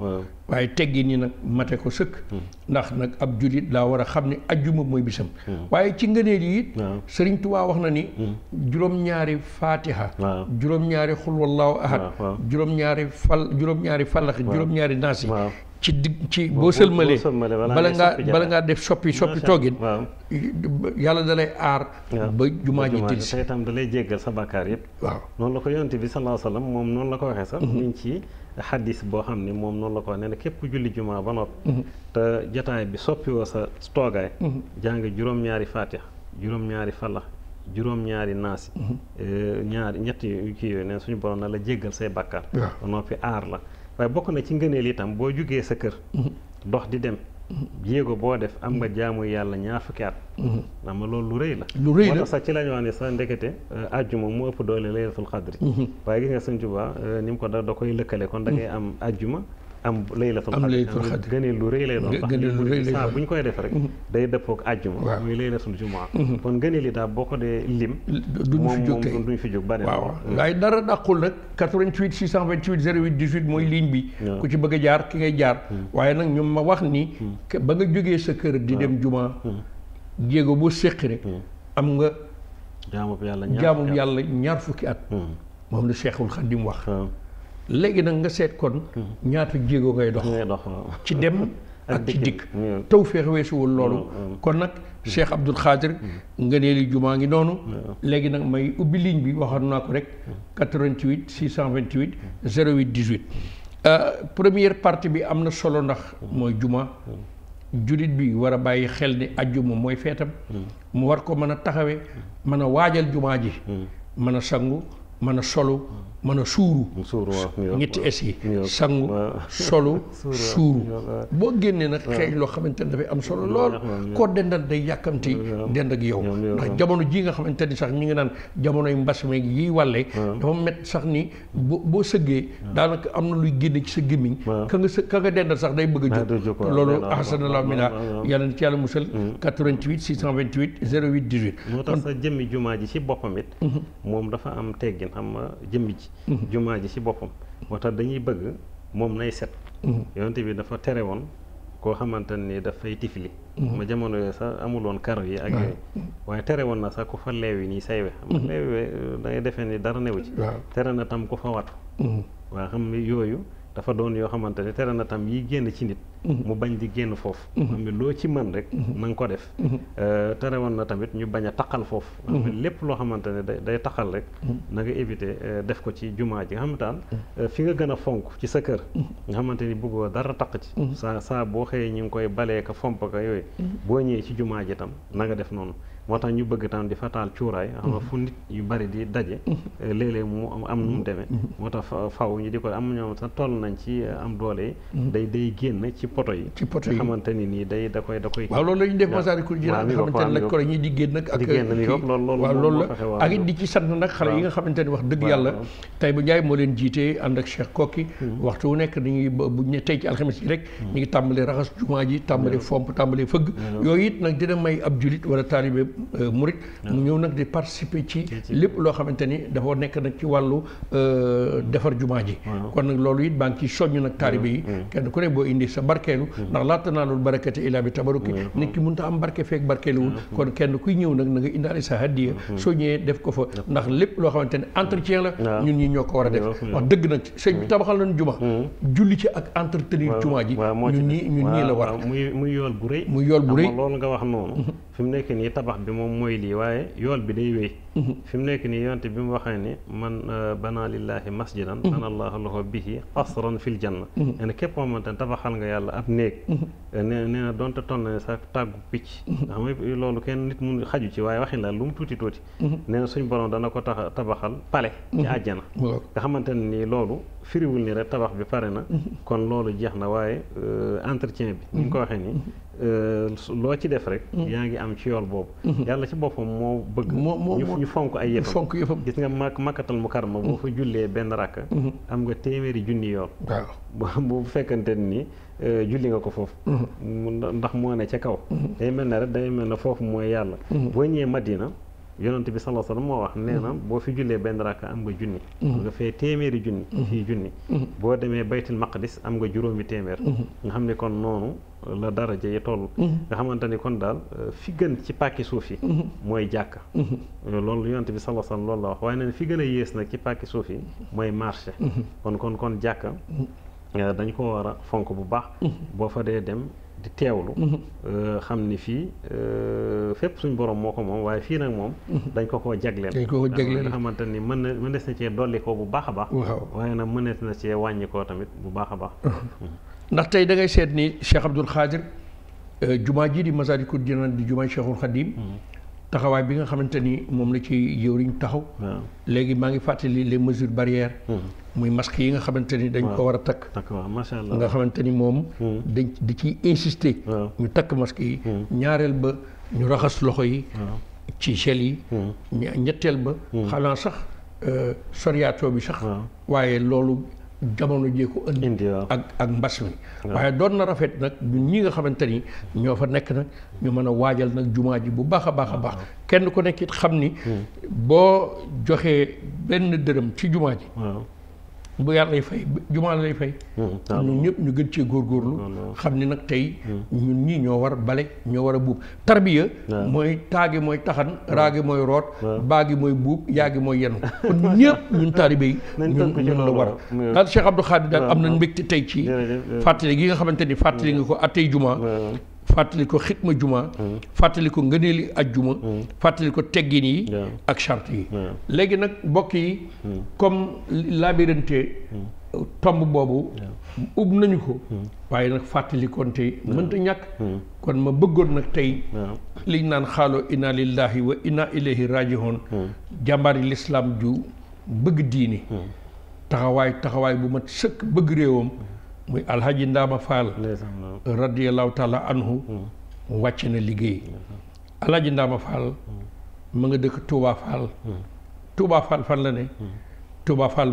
waaye teggi ni nag mate ko sëkk hmm. ndax nag ab jullit laa war a xam ni ajjuma mooy bisam hmm. waaye ci ngëneel yi it sëriñ Tuubaa wax na ni hmm. juróom-ñaari faatiha juróom-ñaari xul wallaahu juróom-ñaari fal juróom-ñaari fallax juróom-ñaari naas ci digg ci boo sëlmalee bala ngaa bala ngaa def soppi soppi toogin yàlla da lay aar ba jumaa ji tëdd si itam da lay jéggal sa bàkkaar yëpp waaw noonu la ko yonent bi sallallahu alayhi moom noonu la ko waxee sax ñu mm-hmm. ci xaddis boo xam ne moom noonu la ko nee na képp julli jumaa ba noppi. Mhm. te jataay bi soppiwoo sa toogaay. Mhm. jàng juróom-ñaari fatiha juróom-ñaari falax juróom-ñaari naasi. Mhm. Eh, ñaari ñetti kii yooyu neen suñu bon na la jéggal say bàkkaar. ba noppi aar la waaye bokk na ci ngëneel itam boo jugee sa kër. dox di dem. jéego boo def am nga mm-hmm. jaamu yàlla ñaar fukki at. Mm-hmm. xam nga loolu lu rëy la. lu rëy la moo tax sax ci la ñu wax ne sax ndekete ajjuma euh, mu ëpp doole laylatul xadri. Mm-hmm. waaye gis nga sëñ Tuubaa euh, ni mu ko da da koy lëkkale kon da am ajjuma. am laylatul xadr am laylatul xadr gënee lu rëy lay doon ndax li saa bu ñu koy def rek uhuh. day dëppoog àjjuma muy laylatul jumaa uhuh. kon gënee li daal boo ko dee lim duñu fi fi jóg bari waaw uhuh. waaye dara dàqul nag mooy ligne bi ku ci bëgg a jaar ki ngay jaar waaye nag ñu ma wax ni ba nga jógee sa kër di dem jumaa jéego boo séqi rek am nga jaamub yàlla ñaar fukki at moom la Cheikhul Khadim wax léegi nag nga seet kon ñaata jéego ngay dox ci dem ak ci dikk taw feex weesuwul loolu mm, mm. kon nag Cheikh Abdoul Khadir mm. nga nee li jumaa ngi noonu léegi nag may ubbi ligne bi waxoon naa ko rek 88 628 08 18 première partie bi am na solo ndax mooy juma jullit bi war a bàyyi xel ni ajjuma mooy feetam mu war ko mën a taxawee mën a waajal jumaa ji mën a sangu mën a solu mën a suuru ñetti es yi sangu solu suuru boo génnee nag xeeñ loo xamante ne dafay am solo lool koo dendal day yàkkamti dend ak yow ndax jamono ji nga xamante ni sax ñi ngi naan jamonoy mbas yi yiy wàlle dafa met sax ni boo boo sëggee daanaka am na luy génne ci sa gémmiñ ka nga sa ka nga dendal sax day bëgg a jóg loolu ahsanallah mina yàlla na ci yàlla musal 88 628 08 18 moo tax sa jëmmi jumaa ji ci boppam mm-hmm. moom dafa am teggin xam nga jëmmi ci ji jumaa ji ci boppam moo tax dañuy bëgg moom nay set yonte bi dafa tere woon koo xamante ni dafay tifli ma jamono yooyu sax amuloon karo yi ak yooyu waaye tere woon na sax ko fa leewi nii saywe xam nga mm-hmm. leewi euh, da ngay defee ni dara newu ci tere na tam ku fa watu mm-hmm. waa xam yooyu dafa doon yoo xamante ne tere na tam yi génn ci nit mhm. mu bañ di génn foofu mhm. am ne loo ci mën rek mhm. na ko def euh, tere woon na tamit ñu bañ a taqal foofu am ne lépp loo xamante ne day day taqal rek na nga euh, def ko ci jumaa ji nga xam euh, fi nga gën a fonk ci sa kër nga xamante ni bëggoo dara taq ci saa saa boo xëyee ñu ngi koy balee ka fomp ka yooyu boo ñëwee ci jumaa ji tam na nga def noonu moo tax ñu bëgg tam di fatal cuuraay xam fu mhm. nit yu bari di daje mhm. euh, léeg-léeg mu am nu mu mhm. demee moo tax faw ñu di ko am ñoom sax toll nañ ci euh, am doole yi day day génn ci poto yi ci poto yi xamante ni nii day da koy da koy waaw loolu la ñuy def Masaalikul Jinaan xamante ne nag ko ñi di ak loolu la ak it di ci sant nag xale yi nga xamante ne wax dëgg yàlla tey bu Njaay moo leen jiitee ànd ak Cheikh Kokki hmm. waxtu wu nekk dañuy buñ ne tey ci alxames yi rek hmm. ñu ngi tàmbalee raxas jumaa ji tàmbalee hmm. fomp tàmbalee fëgg yooyu it nag dina may ab julit wala taalibe Euh, murit ah. mu ñëw nag di participer ci lépp loo xamante ni dafa nekk nag ci wàllu euh, defar jumaa ji ah. kon nag loolu it baa ngi ci soññ nag taalibe yi ah. kenn ku ne boo indi sa barkeelu ndax laata naa loolu barakati ilaa bi tabaruki nit ki mënta am barke feek barkeeluwul kon kenn kuy ñëw nag na nga indaale sa hadiya soo ñëwee def ko fa ndax lépp loo xamante ne entretien la ñun ñi ñoo ko war a def wax dëgg nag sëñ bi tabaxal nañu juma julli ci ak entretenir juma ji ñun ñi ñun ñii la war muy yool bu rëy muy yool bu rëy nga wax noonu mu nekk nii tabax bi moom mooy lii waaye yool bi day wéy mhm. fi mu nekk nii yonte bi mu waxee ni man euh, bana lillahi masjidan mhm. bana allahu lahu bihi qasran fil janna mhm. nee na képp xamante ne tabaxal nga yàlla ab néeg euh, nee nee na donte toll na sa tàggu picc xam nga loolu kenn nit mun xaju ci waaye waxin la lu mu tuuti tuuti nee na suñ borom dana ko tax tabaxal pale ci àjjana nga xamante ne nii loolu firiwul ni rek tabax bi pare na kon loolu jeex na waaye euh, entretien bi ni nga ko waxee nii euh, loo ci def rek yaa ngi am ci yool boobu yàlla ci boppam moo bëgg ñu fonk ay yëfam fonk yëfam gis nga mak makkatal mu karma boo fa jullee benn rakk am nga téeméeri junni yool waaw bu fekkante ni euh, julli nga ko foofu ndax moo ne ca kaw day mel na rek day mel na foofu mooy yàlla boo ñëwee Madina yonent bi sallallahu moo wax nee na mhm. boo fi jullee benn rakka am nga junni am mhm. nga fee téeméeri junni fii mhm. junni boo demee baytul maqdis am nga juróomi téeméer nga xam ne kon noonu la daraja yi toll nga xamante ni kon daal euh, fi gën ci pàkki suuf yi mooy jàkka euh, loolu yonent bi sallallahu alayhi wasallam loolu la wax waaye neen fi gën a yées nag ci pàkki suuf yi mooy marché kon kon kon jàkka euh, dañ ko war a fonk bu baax boo fa dee dem di teewlu. Mhm. Euh, xam ni fii euh, fépp suñ borom moo ko moom waaye fii nag moom. Mhm. dañ ko koo jagleel. dañ ko koo jagleel nga xamante ni mën na mënees na cee dolli ko bu baax a baax. waaye nag mënees na cee wàññi tamit bu baax a baax. Mhm. ndax tey da ngay seet ni Cheikh Abdoul Khadir euh, jumaa ji di di Masaalikul Jinaan di jumaa Cheikhul Khadim. taxawaay bi nga xamante ni moom la ci ñu taxaw. léegi maa ngi fàttali les mesures barrières. Hmm. muy masques yi nga xamante ni dañ ko war a takk. macha allah nga xamante ni moom. Hmm. dañ di ci insisté ñu takk masques yi. Hmm. ñaareel ba ñu raxas loxo yi. ci gel yi. ñetteel ba. xanaa sax euh, soriato bi sax. waaye loolu. jamono jee ko indi ak ak mbas mi waaye doon na rafet nag ñun ñi nga xamante ni ñoo fa nekk nag ñu mën a waajal nag jumaa ji bu baax a baax a baax kenn ku nekk it xam ni hmm. boo joxee benn dërëm ci jumaa ji bu yàlla lay fay jumaa lay fay. ñun ñëpp ñu gën cee góorgóorlu. xam ni nag tey. ñun ñii ñoo war a bale ñoo war a buub tarbiya. mooy taagi mooy taxan raagi mooy root. baagi mooy buub yaagi mooy yenu kon ñun ñëpp ñun taalibe yi. ñun ñun la war a. daal Cheikh Abdou Khadir daal am na mbégte tey ci. fàttali gi nga xamante ni fàttali nga ko at tey jumaa. fàttali ko xitma juma. fàttali ko ngëneeli ajjuma. fàttali ko teggin yi. ak charte yi. léegi nag mbokk yi. Hmm. comme labyrinthe. Hmm. tomb boobu. ub nañu ko. Hmm. waaye nag fàttali konte mënta ñàkk. kon ma bëggoon nag tey. liñ naan xaaloo inna lillahi wa inna ilayhi rajihoon. jàmbaari lislaam ju bëgg diini. taxawaay taxawaay bu ma sëkk bëgg réewam. muy alhaji Ndaama Fall radiallahu taala anhu hmm. wàcc na liggéey hmm. alhaji Ndaama Fall mu hmm. nga dëkk Touba Fall Touba fan la ne Touba Fall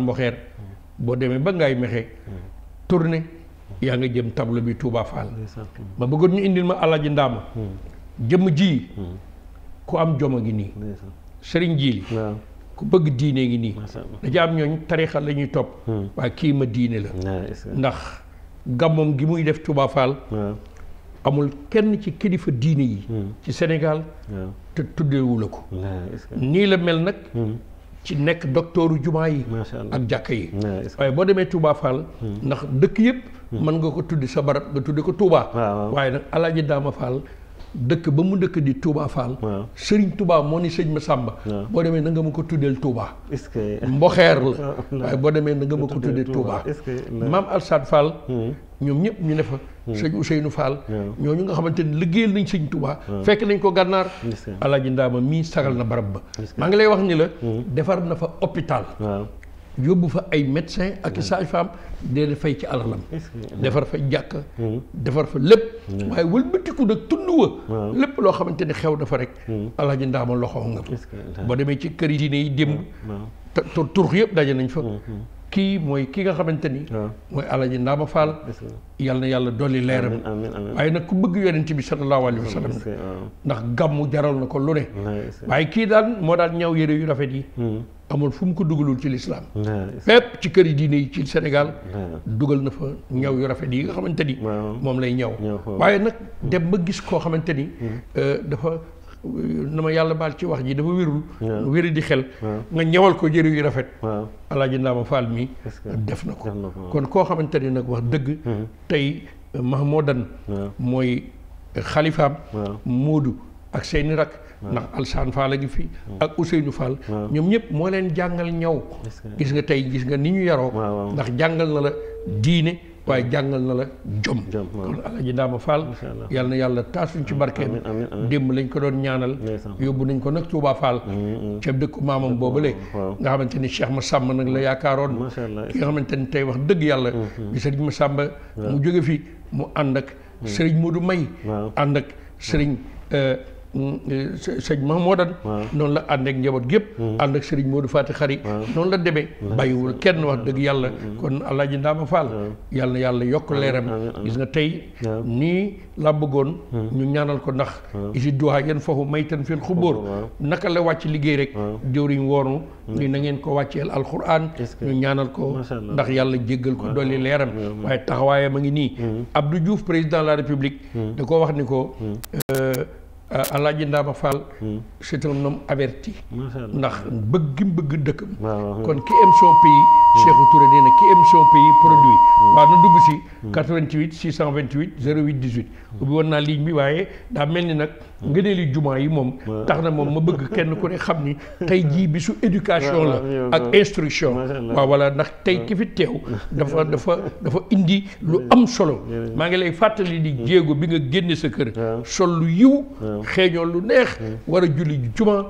boo demee ba ngay mexe tourné yaa nga jëm tableau bi Touba Fall ma bëggoon ñu indil ma alhaji Ndaama jëmm ji ku am jom ngi nii sëriñ ji li ku bëgg diine ngi nii da am ñooñ tarixa la topp waaye kii ma diine la ndax gàmmoom gi muy def Touba amul kenn ci kilifa diine yi. Hmm. ci Sénégal. te tuddeewu ko. nii la mel nag. Hmm. ci nekk doktooru jumaa yi. ak jàkka yi. waaye boo demee Touba hmm. ndax dëkk yëpp. mën nga ko tuddi sa barab nga tuddi ko Touba. waaye nag Alaaji Daama Fall. dëkk ba mu dëkk di Touba Fall. waaw Serigne Touba moo ni sëñ ma waaw boo demee na nga ma ko tuddeel Touba. est-ce que mboxeer la waaye boo demee na nga ma ko tuddee Touba. est-ce que maam Alsad Fall. Hmm. ñoom ñëpp ñu ne fa. Hmm. sëñ Ousseynou ñoo ñu nga xamante ni liggéeyal nañ sëñ Touba. fekk nañ ko gànnaar. alaaji ma mii sagal na barab ba. maa ngi lay wax ni la. Hmm. defar na fa hôpital. yóbbu fa ay médecin ak i mm. sage-femme dee da fay ci alalam mm. defar fa jàkk mm. defar fa lépp waaye wëlbatiku nag tund wa lépp loo xamante ni xew dafa rek alaaji ndaama loxo nga fa boo demee ci kër yi diine yi démb tur yëpp daje nañ fa mm-hmm. kii mooy kii nga xamante ni. Ah. mooy Alaaji Ndaama Faal. yal na yàlla dolli leeram. waaye nag ku bëgg yonent bi sallallahu alayhi wa sallam. Ah. ndax gàmmu jaral na ko lu ne. waaye kii daal moo daal ñaw yére yu rafet yi. Hmm. amul fu mu ko dugalul ci lislaam fépp ci kër yi diine yi ci Sénégal. dugal na fa ñaw yu rafet yi nga xamante ni. moom lay ñaw. waaye nag dem ba gis koo xamante ni. Hmm. Euh, dafa. na ma yàlla baal ci wax ji dafa wérul wéri di xel nga ñëwal ko jëri yu rafet alaaji Ndaama Fall mi def na ko kon koo xamante ni nag wax dëgg mm-hmm. tey uh, Mahmoudan mooy uh, xalifaam Moodu ak seeni rak ndax Alsaan Fall a ngi fi ak Ousseynou Fall ñoom ñëpp moo leen jàngal ñaw gis nga tey gis nga ni ñu yaroo ndax jàngal na la diine waaye jàngal na la jom kon Alaaji Daama Fall yàlla na yàlla taasuñ ci barke démb lañ ko doon ñaanal yóbbu nañ ko nag Touba Fall mm, mm. ca dëkku maamam boobale nga xamante ni Cheikh Massamba nag la mm. yaakaaroon ki nga xamante ni tey wax dëgg yàlla bi sëriñ Massamba mu jóge fi mu ànd ak sëriñ May ànd ak sëriñ ma moo Mahmoudan noonu la ànd ak njaboot gépp ànd ak sëriñ Modou Faty Khary noonu la demee bàyyiwul kenn wax dëgg yàlla kon Alaaji Ndaama Fall yàlla na yàlla yokk leeram gis nga tey nii la bëggoon ñu ñaanal ko ndax isi duwaa yan foofu maytan fil xubóor naka la wàcc liggéey rek jëwriñ woonu ni na ngeen ko wàcceel alquran ñu ñaanal ko ndax yàlla jéggal ko dolli leeram waaye taxawaayam a ngi nii Abdou Diouf président de la république da ko wax ni ko Euh, Alaaji Ndaama fal hmm. c'est un homme averti. ndax bëgg gi mu bëgg dëkkam. kon ki aime son pays. Hmm. Cheikhou Touré nee aime son pays produit. Hmm. waaw na dugg 88 628 08 18. ubbi woon ligne bi waaye daa mel Mm. ngëneeli jumaa yi moom tax na moom ma bëgg kenn ku ne xam ni tey jii bi su éducation la ah, ak instruction waaw voilà ndax tey ki fi teew dafa dafa indi lu am solo maa ngi lay fàttali di mm. jéego bi nga génne sa kër sol lu yiw xeeñoo lu neex war a julli juma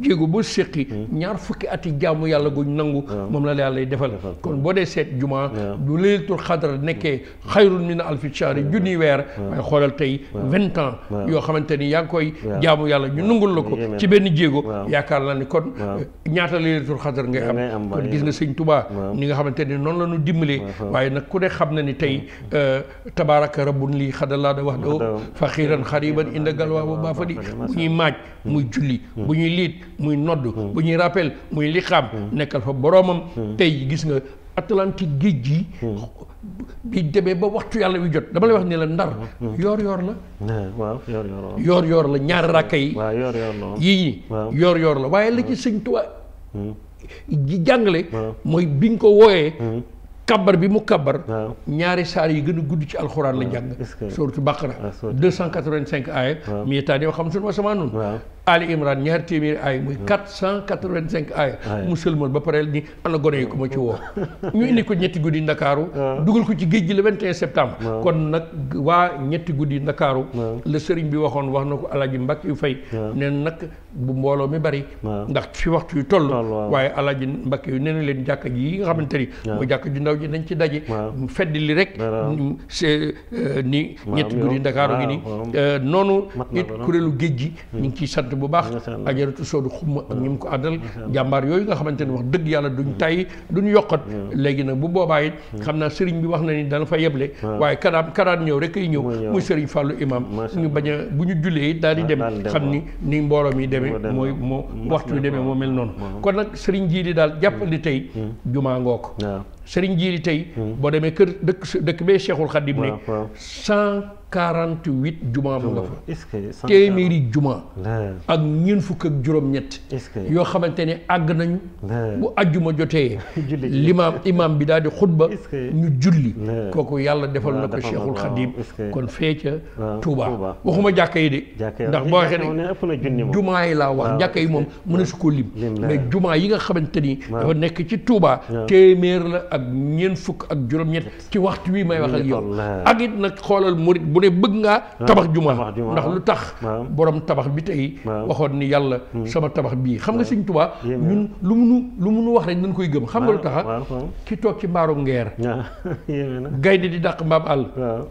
jéego boo séqi mm. ñaar fukki ati jàmm yàlla guñ nangu moom la yàlla lay defal kon boo dee seet juma du leelatul xadara nekkee xayrun min alfi shahri junni weer waaye xoolal tey vingt ans yoo xamante ni yaa koy jaamu yàlla ñu nungul la ko ci benn jéego yaakaar naa ni kon euh, ñaata laylatul xadar ngay am kon gis nga sëñ Touba ni nga xamante ne noonu la ñu dimbalee waaye nag ku ne xam na ni tey euh, tabaaraka rabbun lii xadalaa da wax doo faqiiran xariban inda galwaa ba baa fa di bu ñuy maaj muy julli hmm. bu ñuy liit muy nodd hmm. bu ñuy rappel muy liqaam hmm. nekkal fa boroomam tey gis nga Atlantique géej gi. Hmm. bi demee ba waxtu yàlla wi jot dama lay wax ni la ndar. Hmm, hmm, yoor yoor la. Eh, waaw yoor yoor la yoor yoor la ñaari rakka yi. waaw yoor yoor la waaye la ci sëñ Tuubaa ji jàngale. mooy bi nga ko wooyee. kabbar bi mu kabbar ñaari saar yi gën a gudd ci alxuraan la jàng. suratu baqara 285 aaya. mi yetaani yoo xam sunu wa sama Ali Imran ñaar téeméeri ay muy hmm. quatre cent quatre vingt cinq ay musulman ba pare ni ana gone yi ko ma ci woo ñu indi ko ñetti guddi ndakaaru dugal ko ci géej gi le 21 septembre kon nag waa ñetti guddi ndakaaru la sëriñ bi waxoon wax na ko alaji mbak yu fay ne nag bu mbooloo mi bari ndax fi waxtu yu toll waaye alaji mbak yu nee na leen jàkk ji yi nga xamante ni mooy jàkka ji ndaw ji nañ ci daje fedd li rek c'est euh, ni ñetti guddi ndakaaru gi ni euh, noonu it kuréelu géej gi hmm. ñu ngi sant bu baax ajaratu soodu xumma ak ñi mu ko àddal jàmbaar yooyu nga xamante ne wax dëgg yàlla duñ mm. tay duñ yokkat mm. léegi nag bu boobaa it mm. xam naa sëriñ bi wax na ni dana fa yeble waaye karaan karaan ñëw rek ay ñëw muy sëriñ Fallou imam ñu bañ a bu ñu jullee it daal di ah, dem xam ni ni mbooloo mi demee mooy moo waxtu bi demee moo mel noonu kon nag sëriñ jii di daal jàppandi tey jumaa ngook sëriñ jii di tey boo demee kër dëkk dëkk bee Cheikhul Khadim ne quarante huit jumaa mu nga fa téeméeri jumaa ak ñeent fukk ak juróom-ñett yoo xamante ne àgg nañu bu ajjuma jotee limaam imaam bi daal di xutba ñu julli kooku yàlla defal na ko Cheikhul Khadim kon fee ca Touba waxuma jàkk yi de ndax boo waxee ne jumaa yi laa wax jàkka yi moom mën a su ko lim mais jumaa yi nga xamante ni dafa nekk ci Touba téeméer la ak ñeent fukk ak juróom-ñett ci waxtu wi may wax ak yow ak nag xoolal murit bu ne bëgg ngaa ah, tabax juma ndax lu tax ah. Ah. borom tabax bi tey waxoon ni yàlla hmm. sama tabax bi xam nga sëñ Tuubaa ñun lu munu lu munu wax rek nañ koy gëm xam nga lu tax ki toog ci mbaaru ngeer gaynde di dàq mbaam àll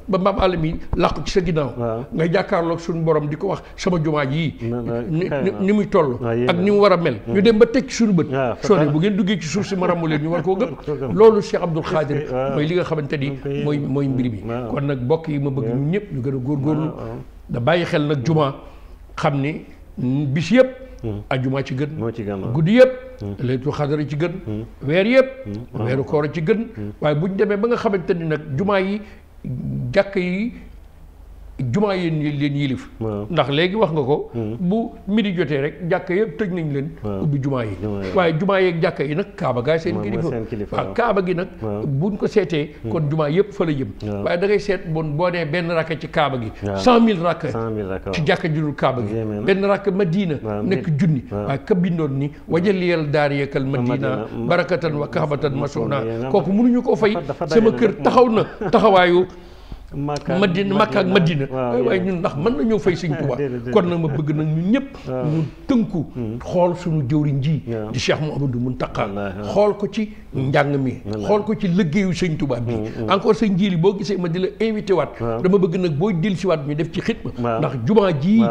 ba mbaam àll mi làqu ci sa ginnaaw nga borom wax sama jumaa ji ni muy toll ak ni mu war a mel ñu dem ba teg ci suñu bët sone bu ci suuf si ma leen ñu war gëm Cheikh Khadir mooy li nga xamante ni mooy mbir bi kon nag bokk yi ma bëgg ñu ñu gën a góorgóorlu ah, ah. da bàyyi xel nag juma xam ni bis yëpp hmm. jumaa ci gën guddi yëpp hmm. laytul xadara ci gën hmm. weer yëpp weeru koor ci gën waaye bu ñu demee ba nga xamante ni nag juma yi jàkk yi jumaa yéen leen yilif ndax léegi wax nga ko hmm. bu midi jotee rek jàkka yëpp tëj nañ leen ubbi jumaa yi waaye jumaa yeeg jàkk yi nag kaaba gaa seen kilifa waaw kaaba gi nag buñ ko seetee hmm. kon jumaa yëpp fa la jëm waaye da ngay seet bon boo nee benn rakka ci kaaba gi cent mille rakka ci jàkka judul kaaba gi benn rakka madina nekk junni waaye ka bindoon ni wajaliyal daariyakal madina barakatan wa kaabatan masona kooku mënuñu ko fay sama kër taxaw na taxawaayu Madina Makka ak Madina waaye ñun ndax mën nañoo fay Sëñ Tuubaa ah, kon nag ma bëgg nag ñu ñëpp ah. ñu tënku hmm. xool suñu jëwriñ ji di Cheikh Mouhamadou Mountakha xool ko ci njàng mi xool ko ci liggéeyu Sëñ Tuubaa bi hmm, hmm. encore sëñ ji li boo gisee ma di la invité waat dama bëgg nag boo dil si waat ñu def ci ma ndax jumaa ji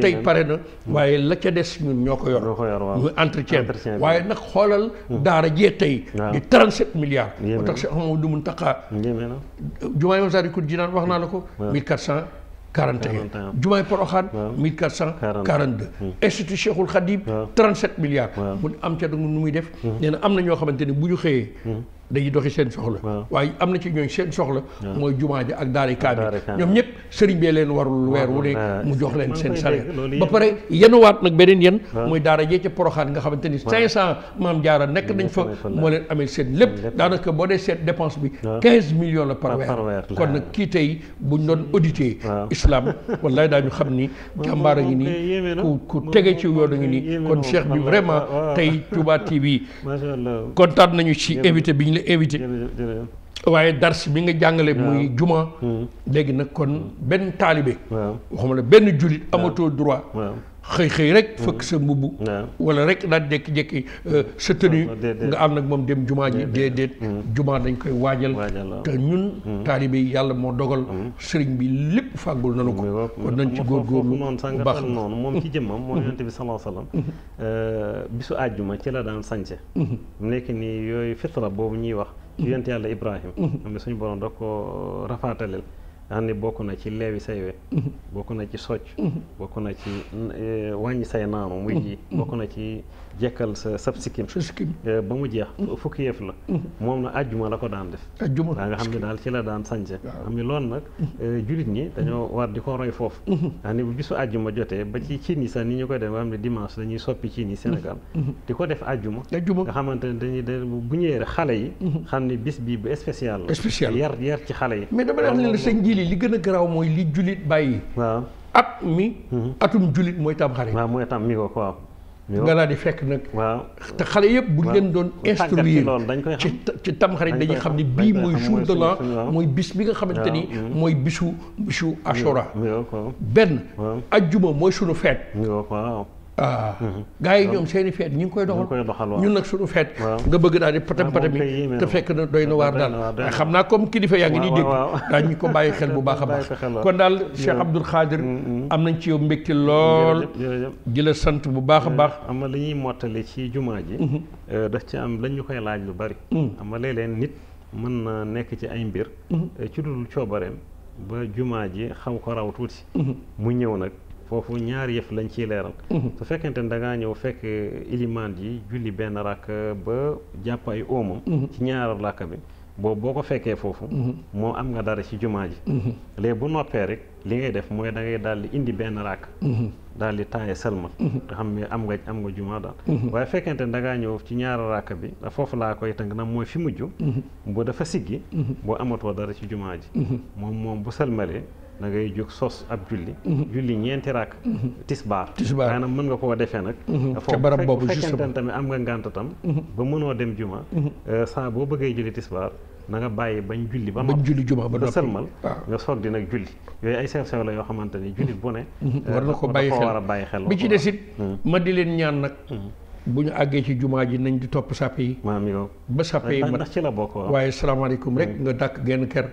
tey pare na waaye la ca des ñun ñoo ko yor ñu entretien waaye nag xoolal daara jee tey di 37 milliards moo tax Cheikh Mouhamadou Mountakha jumaa yi naan wax naa la ko. 1441 jumaay Poroxaan. 1442. institut Cheikhul Khadim. 37 milliards. mu am ca nu muy def. Mm-hmm. nee na am na ñoo xamante ne bu ñu xëyee. Mm-hmm. dañuy doxi seen soxla. waaye am na ci ñooñ seen soxla. mooy jumaa ji ak daari kaamil ñoom ñëpp sëriñ bee leen warul weer wu ne mu jox leen seen salaire ba pare yenuwaat nag beneen yen mooy daara jee ca poroxaan nga xamante cinq cent maam jaara nekk nañ fa moo leen amee seen lépp daanaka boo dee seet dépense bi quinze millions la par weer kon nag kii tey buñ doon audité islam wallaay daañu xam ni jàmbaar a ngi nii ku ku tege ci yoon a ngi nii bi la invité waaye dars bi nga jàngale muy juma hmm. léegi nag kon benn taalibe waxuma la benn jullit amatoo droit xëy xëy rek mm-hmm. fëkk sa mbubb wala rek daal jékki-jékki euh, sa ah, tenue ah, nga am nag moom dem jumaa ji déedéet mm-hmm. jumaa dañ koy waajal te ñun mm-hmm. taalibe yi yàlla moo dogal sëriñ bi lépp fàggul nanu ko kon nañ ci góorgóorlu bu baax noonu moom ci jëmmam moo yonent bi sa alayhi wasallam euh, bisu àjjuma ci la daan sañse mu nekk ni yooyu fitra boobu ñuy wax ci yonent yàlla Ibrahima am suñu borom da ko rafaataleel nga xam bokk na ci leewi say we mm-hmm. bokk na ci socc mm-hmm. bokk na ci eh, wàññi say naanu muy ji mm-hmm. bokk na ci jekkal sa sab sikkim eh, ba mu jeex fukki yëf la moom na ajjuma la ko daan def ajjuma daa nga xam ne daal ci la daan sañse xam ne loolu nag eh, jullit ñi dañoo war di ko roy foofu nga xam bi bu bisu ajjuma jotee ba ci cin yi sax ni ñu ko def nga xam ne dimanche dañuy soppi cin yi Sénégal di ko def ajjuma nga xamante ne dañuy de bu ñëwee xale yi xam ne bis bii bu spécial la yar yar ci xale yi lii li gën a garaw mooy li jullit bàyyi. waaw at mi. Mhm. atum jullit mooy tam xarit. tam mi ko waaw. nga naa di fekk nag. waaw te xale yëpp bu ñu leen doon. instruire ci ci tamxarit dañuy xam ne bii mooy jour de l'an mooy bis bi nga xamante ni. mooy bisu bisu Ashura. benn. ajjuma mooy sunu feet. ah. Mhm. gars yi ñoom seeni feet ñu ngi koy doxal ñun nag suñu feet nga bëgg daal di patam patam yi te fekk na doy na waar daal xam naa comme kilifa yaa ngi nii dégg daañu ko bàyyi xel bu baax a baax kon daal Cheikh Abdoul Khadir mm, mm. am nañ ci yow mbégte lool di sant bu baax a eh, baax am na li ñuy mottali ci jumaa ji mm-hmm. eh, daf ci am lañ ñu koy laaj lu bari mm. am na lee léeg nit mën na nekk ci ay mbir mm-hmm. eh, ci dul coobareem ba jumaa ji xaw ko raw tuuti mm-hmm. mu ñëw nag foofu ñaari yëf lañ ciy leeral mhm. su fekkente ne da ngaa ñëw fekk ilimaan ji julli benn rakk ba jàpp ay oomam mhm. ci ñaaral rakk bi boobu boo ko fekkee foofu mhm. moo am nga dara ci jumaa ji léegi bu noppee rek li ngay def mooy da ngay di indi benn rakk daal di taaye sëlmal nga xam ne am nga am nga jumaa daal waaye fekkente ne da ngaa ñëw ci ñaari rakk bi foofu laa koy tënk nag mooy fi mujj bu dafa siggi boo amatoo dara ci jumaa ji moom moom bu sëlmalee da ngay jóg sos ab julli. Mhm. julli ñeenti raak. Mhm. tisbaar tisbaar maanaam mën nga koo defee nag. Mhm. ca barab boobu juste bu tamit am nga ngànt tam. ba mënoo dem juma. Euh, saa boo bëggee julli tisbaar na nga bàyyi bañ julli ba. bañ ba sëlmal nga soog di nag julli yooyu ay sew sew la yoo xamante ni jullit bu ne. war na ko euh, a bàyyi xel. bi ci des it hmm. ma di leen ñaan nag. Hmm. bu ñu àggee ci jumaa ji nañ di topp sàppe yi. ba sàppe yi ndax ci la bokk waaye salaamaaleykum rek mm. nga dàkk genn ker.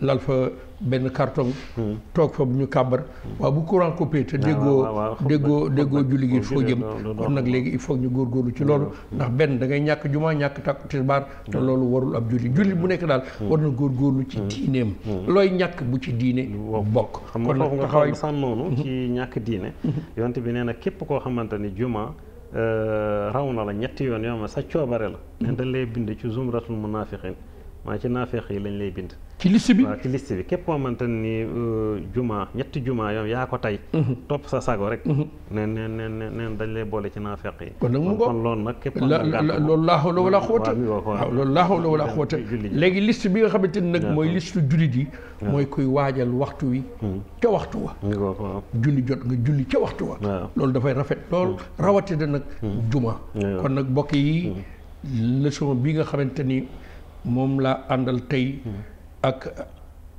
lal fa benn carton. Mm. toog fa bu ñu kàbbar. Mm. waaw bu courant coupé te ah, déggoo déggoo déggoo julli gi foo jëm. kon nag léegi il faut ñu góorgóorlu ci loolu. ndax benn dangay ñàkk jumaa ñàkk takk tisbaar te loolu warul ab julli julli bu nekk daal. war na góorgóorlu ci diineem. looy ñàkk bu ci diine. bokk kon nag taxawaay xam nga foofu nga xam sax noonu. Mm-hmm. ci ñàkk diine. Mm-hmm. yonent na képp koo xamante ni jumaa Euh, raw na la ñetti yoon yoo xam ne sa coobare la. mais mm-hmm. dañ lay bind ci zumratul munaafiqiin waaye ci naafeeq yi lañ lay bind. ci liste bi waaw ci liste bi képp koo xamante ni euh, juma ñetti juma yow yaa ko tey. Mhm. topp sa sago rek. neen mhm. neen neen neen dañ lay boole ci naafeeq yi. kon nag mu kon loolu nag képp la loolu laa xawla wala xóota waaw léegi liste bi nga xamante ni nag mooy liste jullit yi. mooy kuy waajal waxtu wi. Hmm. ca waxtu wa. julli jot nga julli ca waxtu wa. loolu dafay rafet lool hmm. rawatina nag. Hmm. juma kon nag bokk yi leçon bi nga xamante ni. moom laa àndal tey ak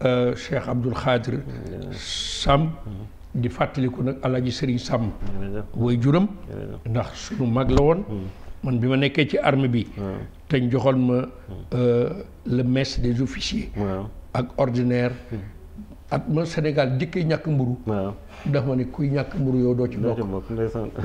euh, Cheikh Abdoul Khadir Samb di fàttaliku nag Alaaji Serigne Samb way juram ndax sunu mag la woon man bi ma nekkee ci arme bi te ñu joxoon ma euh, le mess des officiers ak ordinaire at ma Sénégal jëkkee ñàkk mburu daf ne kuy ñàkk mburu yow doo ci bokk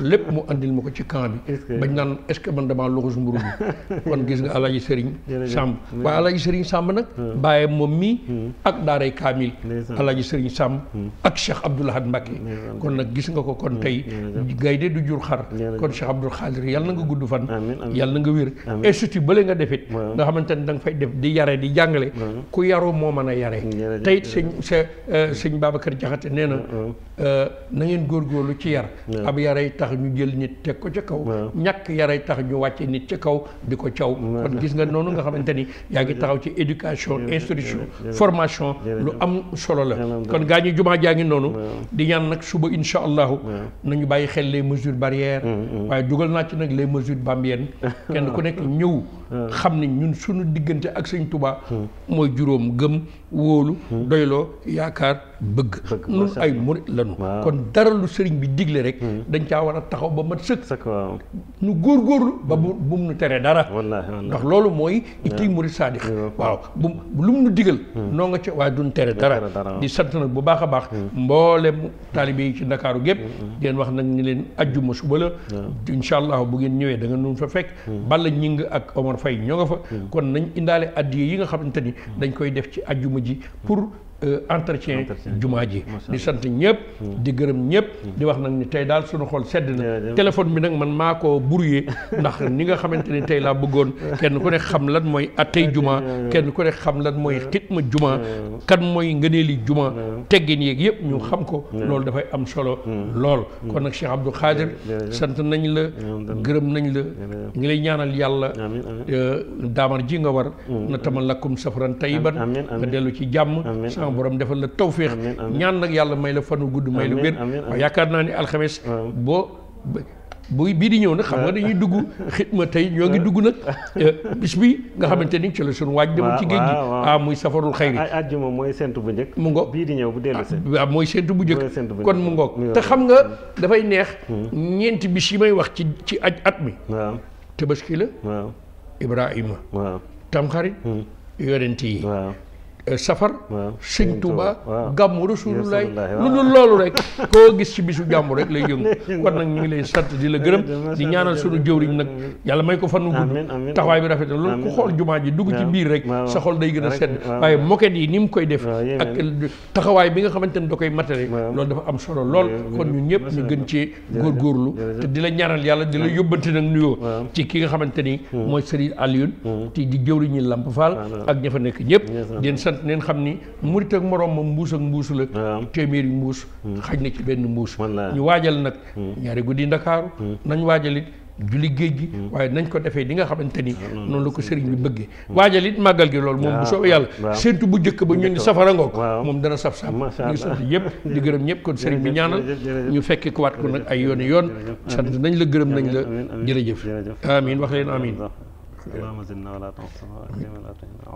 lépp mu andil ma ko ci camp bi bañ naan est-ce que man damaa luxus mburu bi kon gis nga alaaji sëriñ sàmb waaye alaaji sëriñ sàmb nag mm. moom mii mm. ak daaray kaamil alaaji sëriñ sàmb ak Cheikh Abdoul Ahad Mbacké kon nag gis nga ko kon mm. tey gaynde du jur xar kon Cheikh Abdoul Khadir yàlla na nga gudd fan yàlla na nga wér et surtout bële nga defeet nga xamante ne da fay def di yare di jàngale ku yaru moo mën a yare tey sëñ euh, sëñ Babacar Jaxate nee na na ngeen lu ci yar ab yaray tax ñu jël nit teg ko ca kaw ñàkk yaray tax ñu wàcce nit ci kaw di ko caw kon gis nga noonu nga xamante ni yaa ngi taxaw ci éducation instruction formation lu am solo la kon gaa ñi jumaa jaa ngi noonu di ñaan nag suba insha allahu nañu bàyyi xel les mesures barrières mm, mm. waaye dugal naa ci nag les mesures bambiennes kenn ku nekk ñëw xam ne ñun suñu diggante ak sëñ tubaa mm. mooy juróom gëm wóolu doyloo yaakaar bëgg nun ay murit lanu kon dara lu sëriñ bi digle rek hmm. dañ caa war a taxaw ba mat sëkk nu góorgóorlu ba bu hmm. bu mu nu tere dara ndox loolu mooy hmm. ittiy murit saadix waaw bu lu mu nu digal noo nga ca waaye duñ tere dara di sant nag bu baax a baax mboolem taalibe yi ci ndakaaru gépp di wax nag ni leen ajjuma suba la incha allah bu ngeen ñëwee da nga nun fa fekk balla ñing ak Omar Faye ñoo nga fa kon nañ indaale addiye yi nga xamante dañ por Euh, entretien jumaa ji di sant ñëpp hmm. di gërëm ñëpp di wax nag ni tey daal suñu xol sedd na téléphone bi nag man maa ko brouillé ndax ni nga xamante ni tey laa bëggoon kenn ku ne xam lan mooy attey jumaa kenn ku xam lan mooy xitma jumaa kan mooy ngëneeli jumaa teggin yeeg yëpp ñu hmm. xam ko loolu dafay am solo hmm. lool kon nag Cheikh Abdou Khadir sant nañ la gërëm nañ la ngi lay ñaanal yàlla euh, daamar ji nga war na tama lakkum safaran tayiban nga dellu ci jàmm boroom borom defal la tawféex ñaan nag yàlla may la fanu gudd may la wér waaw yaakaar naa ni alxames boo bu bii di ñëw nag xam nga dañuy dugg xitma tey ñoo ngi dugg nag eh, bis bi nga xamante ni ci la suñu waaj demoon ci géej gi ah muy safarul xayri mooy séntu bu njëkk mu ngoog bii di ñëw bu dellusee ah, mooy séntu bu njëkk kon mu ngook te xam nga hmm. dafay neex hmm. ñeenti bis yi may wax ci ci aj at mi waaw tabaski la waaw ibrahima tamxarit hmm. yonent yi Euh, safar sëñ Tuuba gàmmu rasulullaay lu dul loolu rek koo gis ci bisu jàmm rek lay yëngu kon nag ñu ngi lay sant di la gërëm di ñaanal sunu jëwriñ nag yàlla may ko fanu gudd taxawaay bi rafet na loolu ku xool jumaa ji dugg ci biir rek a sedd ni mu koy def ak taxawaay bi nga xamante ne da koy matale loolu dafa am solo lool kon ñun ñëpp ñu gën ci góorgóorlu te di la ñaanal yàlla di la yóbbante nag nuyoo ci ki nga xamante ni hmm. mooy Serigne Alioune hmm. te di jëwriñu Lamp Fall ak ña fa nekk ñëpp sant neen xam ni murit ak morom ma mbuus ak mbuus la téeméeri mbuus hmm. xaj ci benn mbuus ñu waajal nag hmm. ñaari guddi ndakaaru hmm. nañ waajalit julli géej gi waaye nañ ko defee di nga xamante ni ah, noonu la ko sëriñ bi bëggee wajalit it gi loolu moom bu ah, soobee yàlla séntu bu njëkk ba ñu ni safara ngoog moom dana saf sam, ñu ngi sant yëpp di gërëm ñëpp kon sëriñ bi ñaanal ñu fekke ko waat ko nag ay yoon sant nañ la gërëm nañ la jërëjëf amin wax leen amin اللهم زدنا ولا واكرمنا تهنا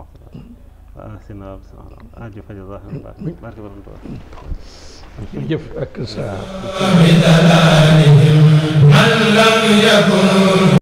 سنا aju fa jazakum barke borom Tuuba jërëjëf ak sa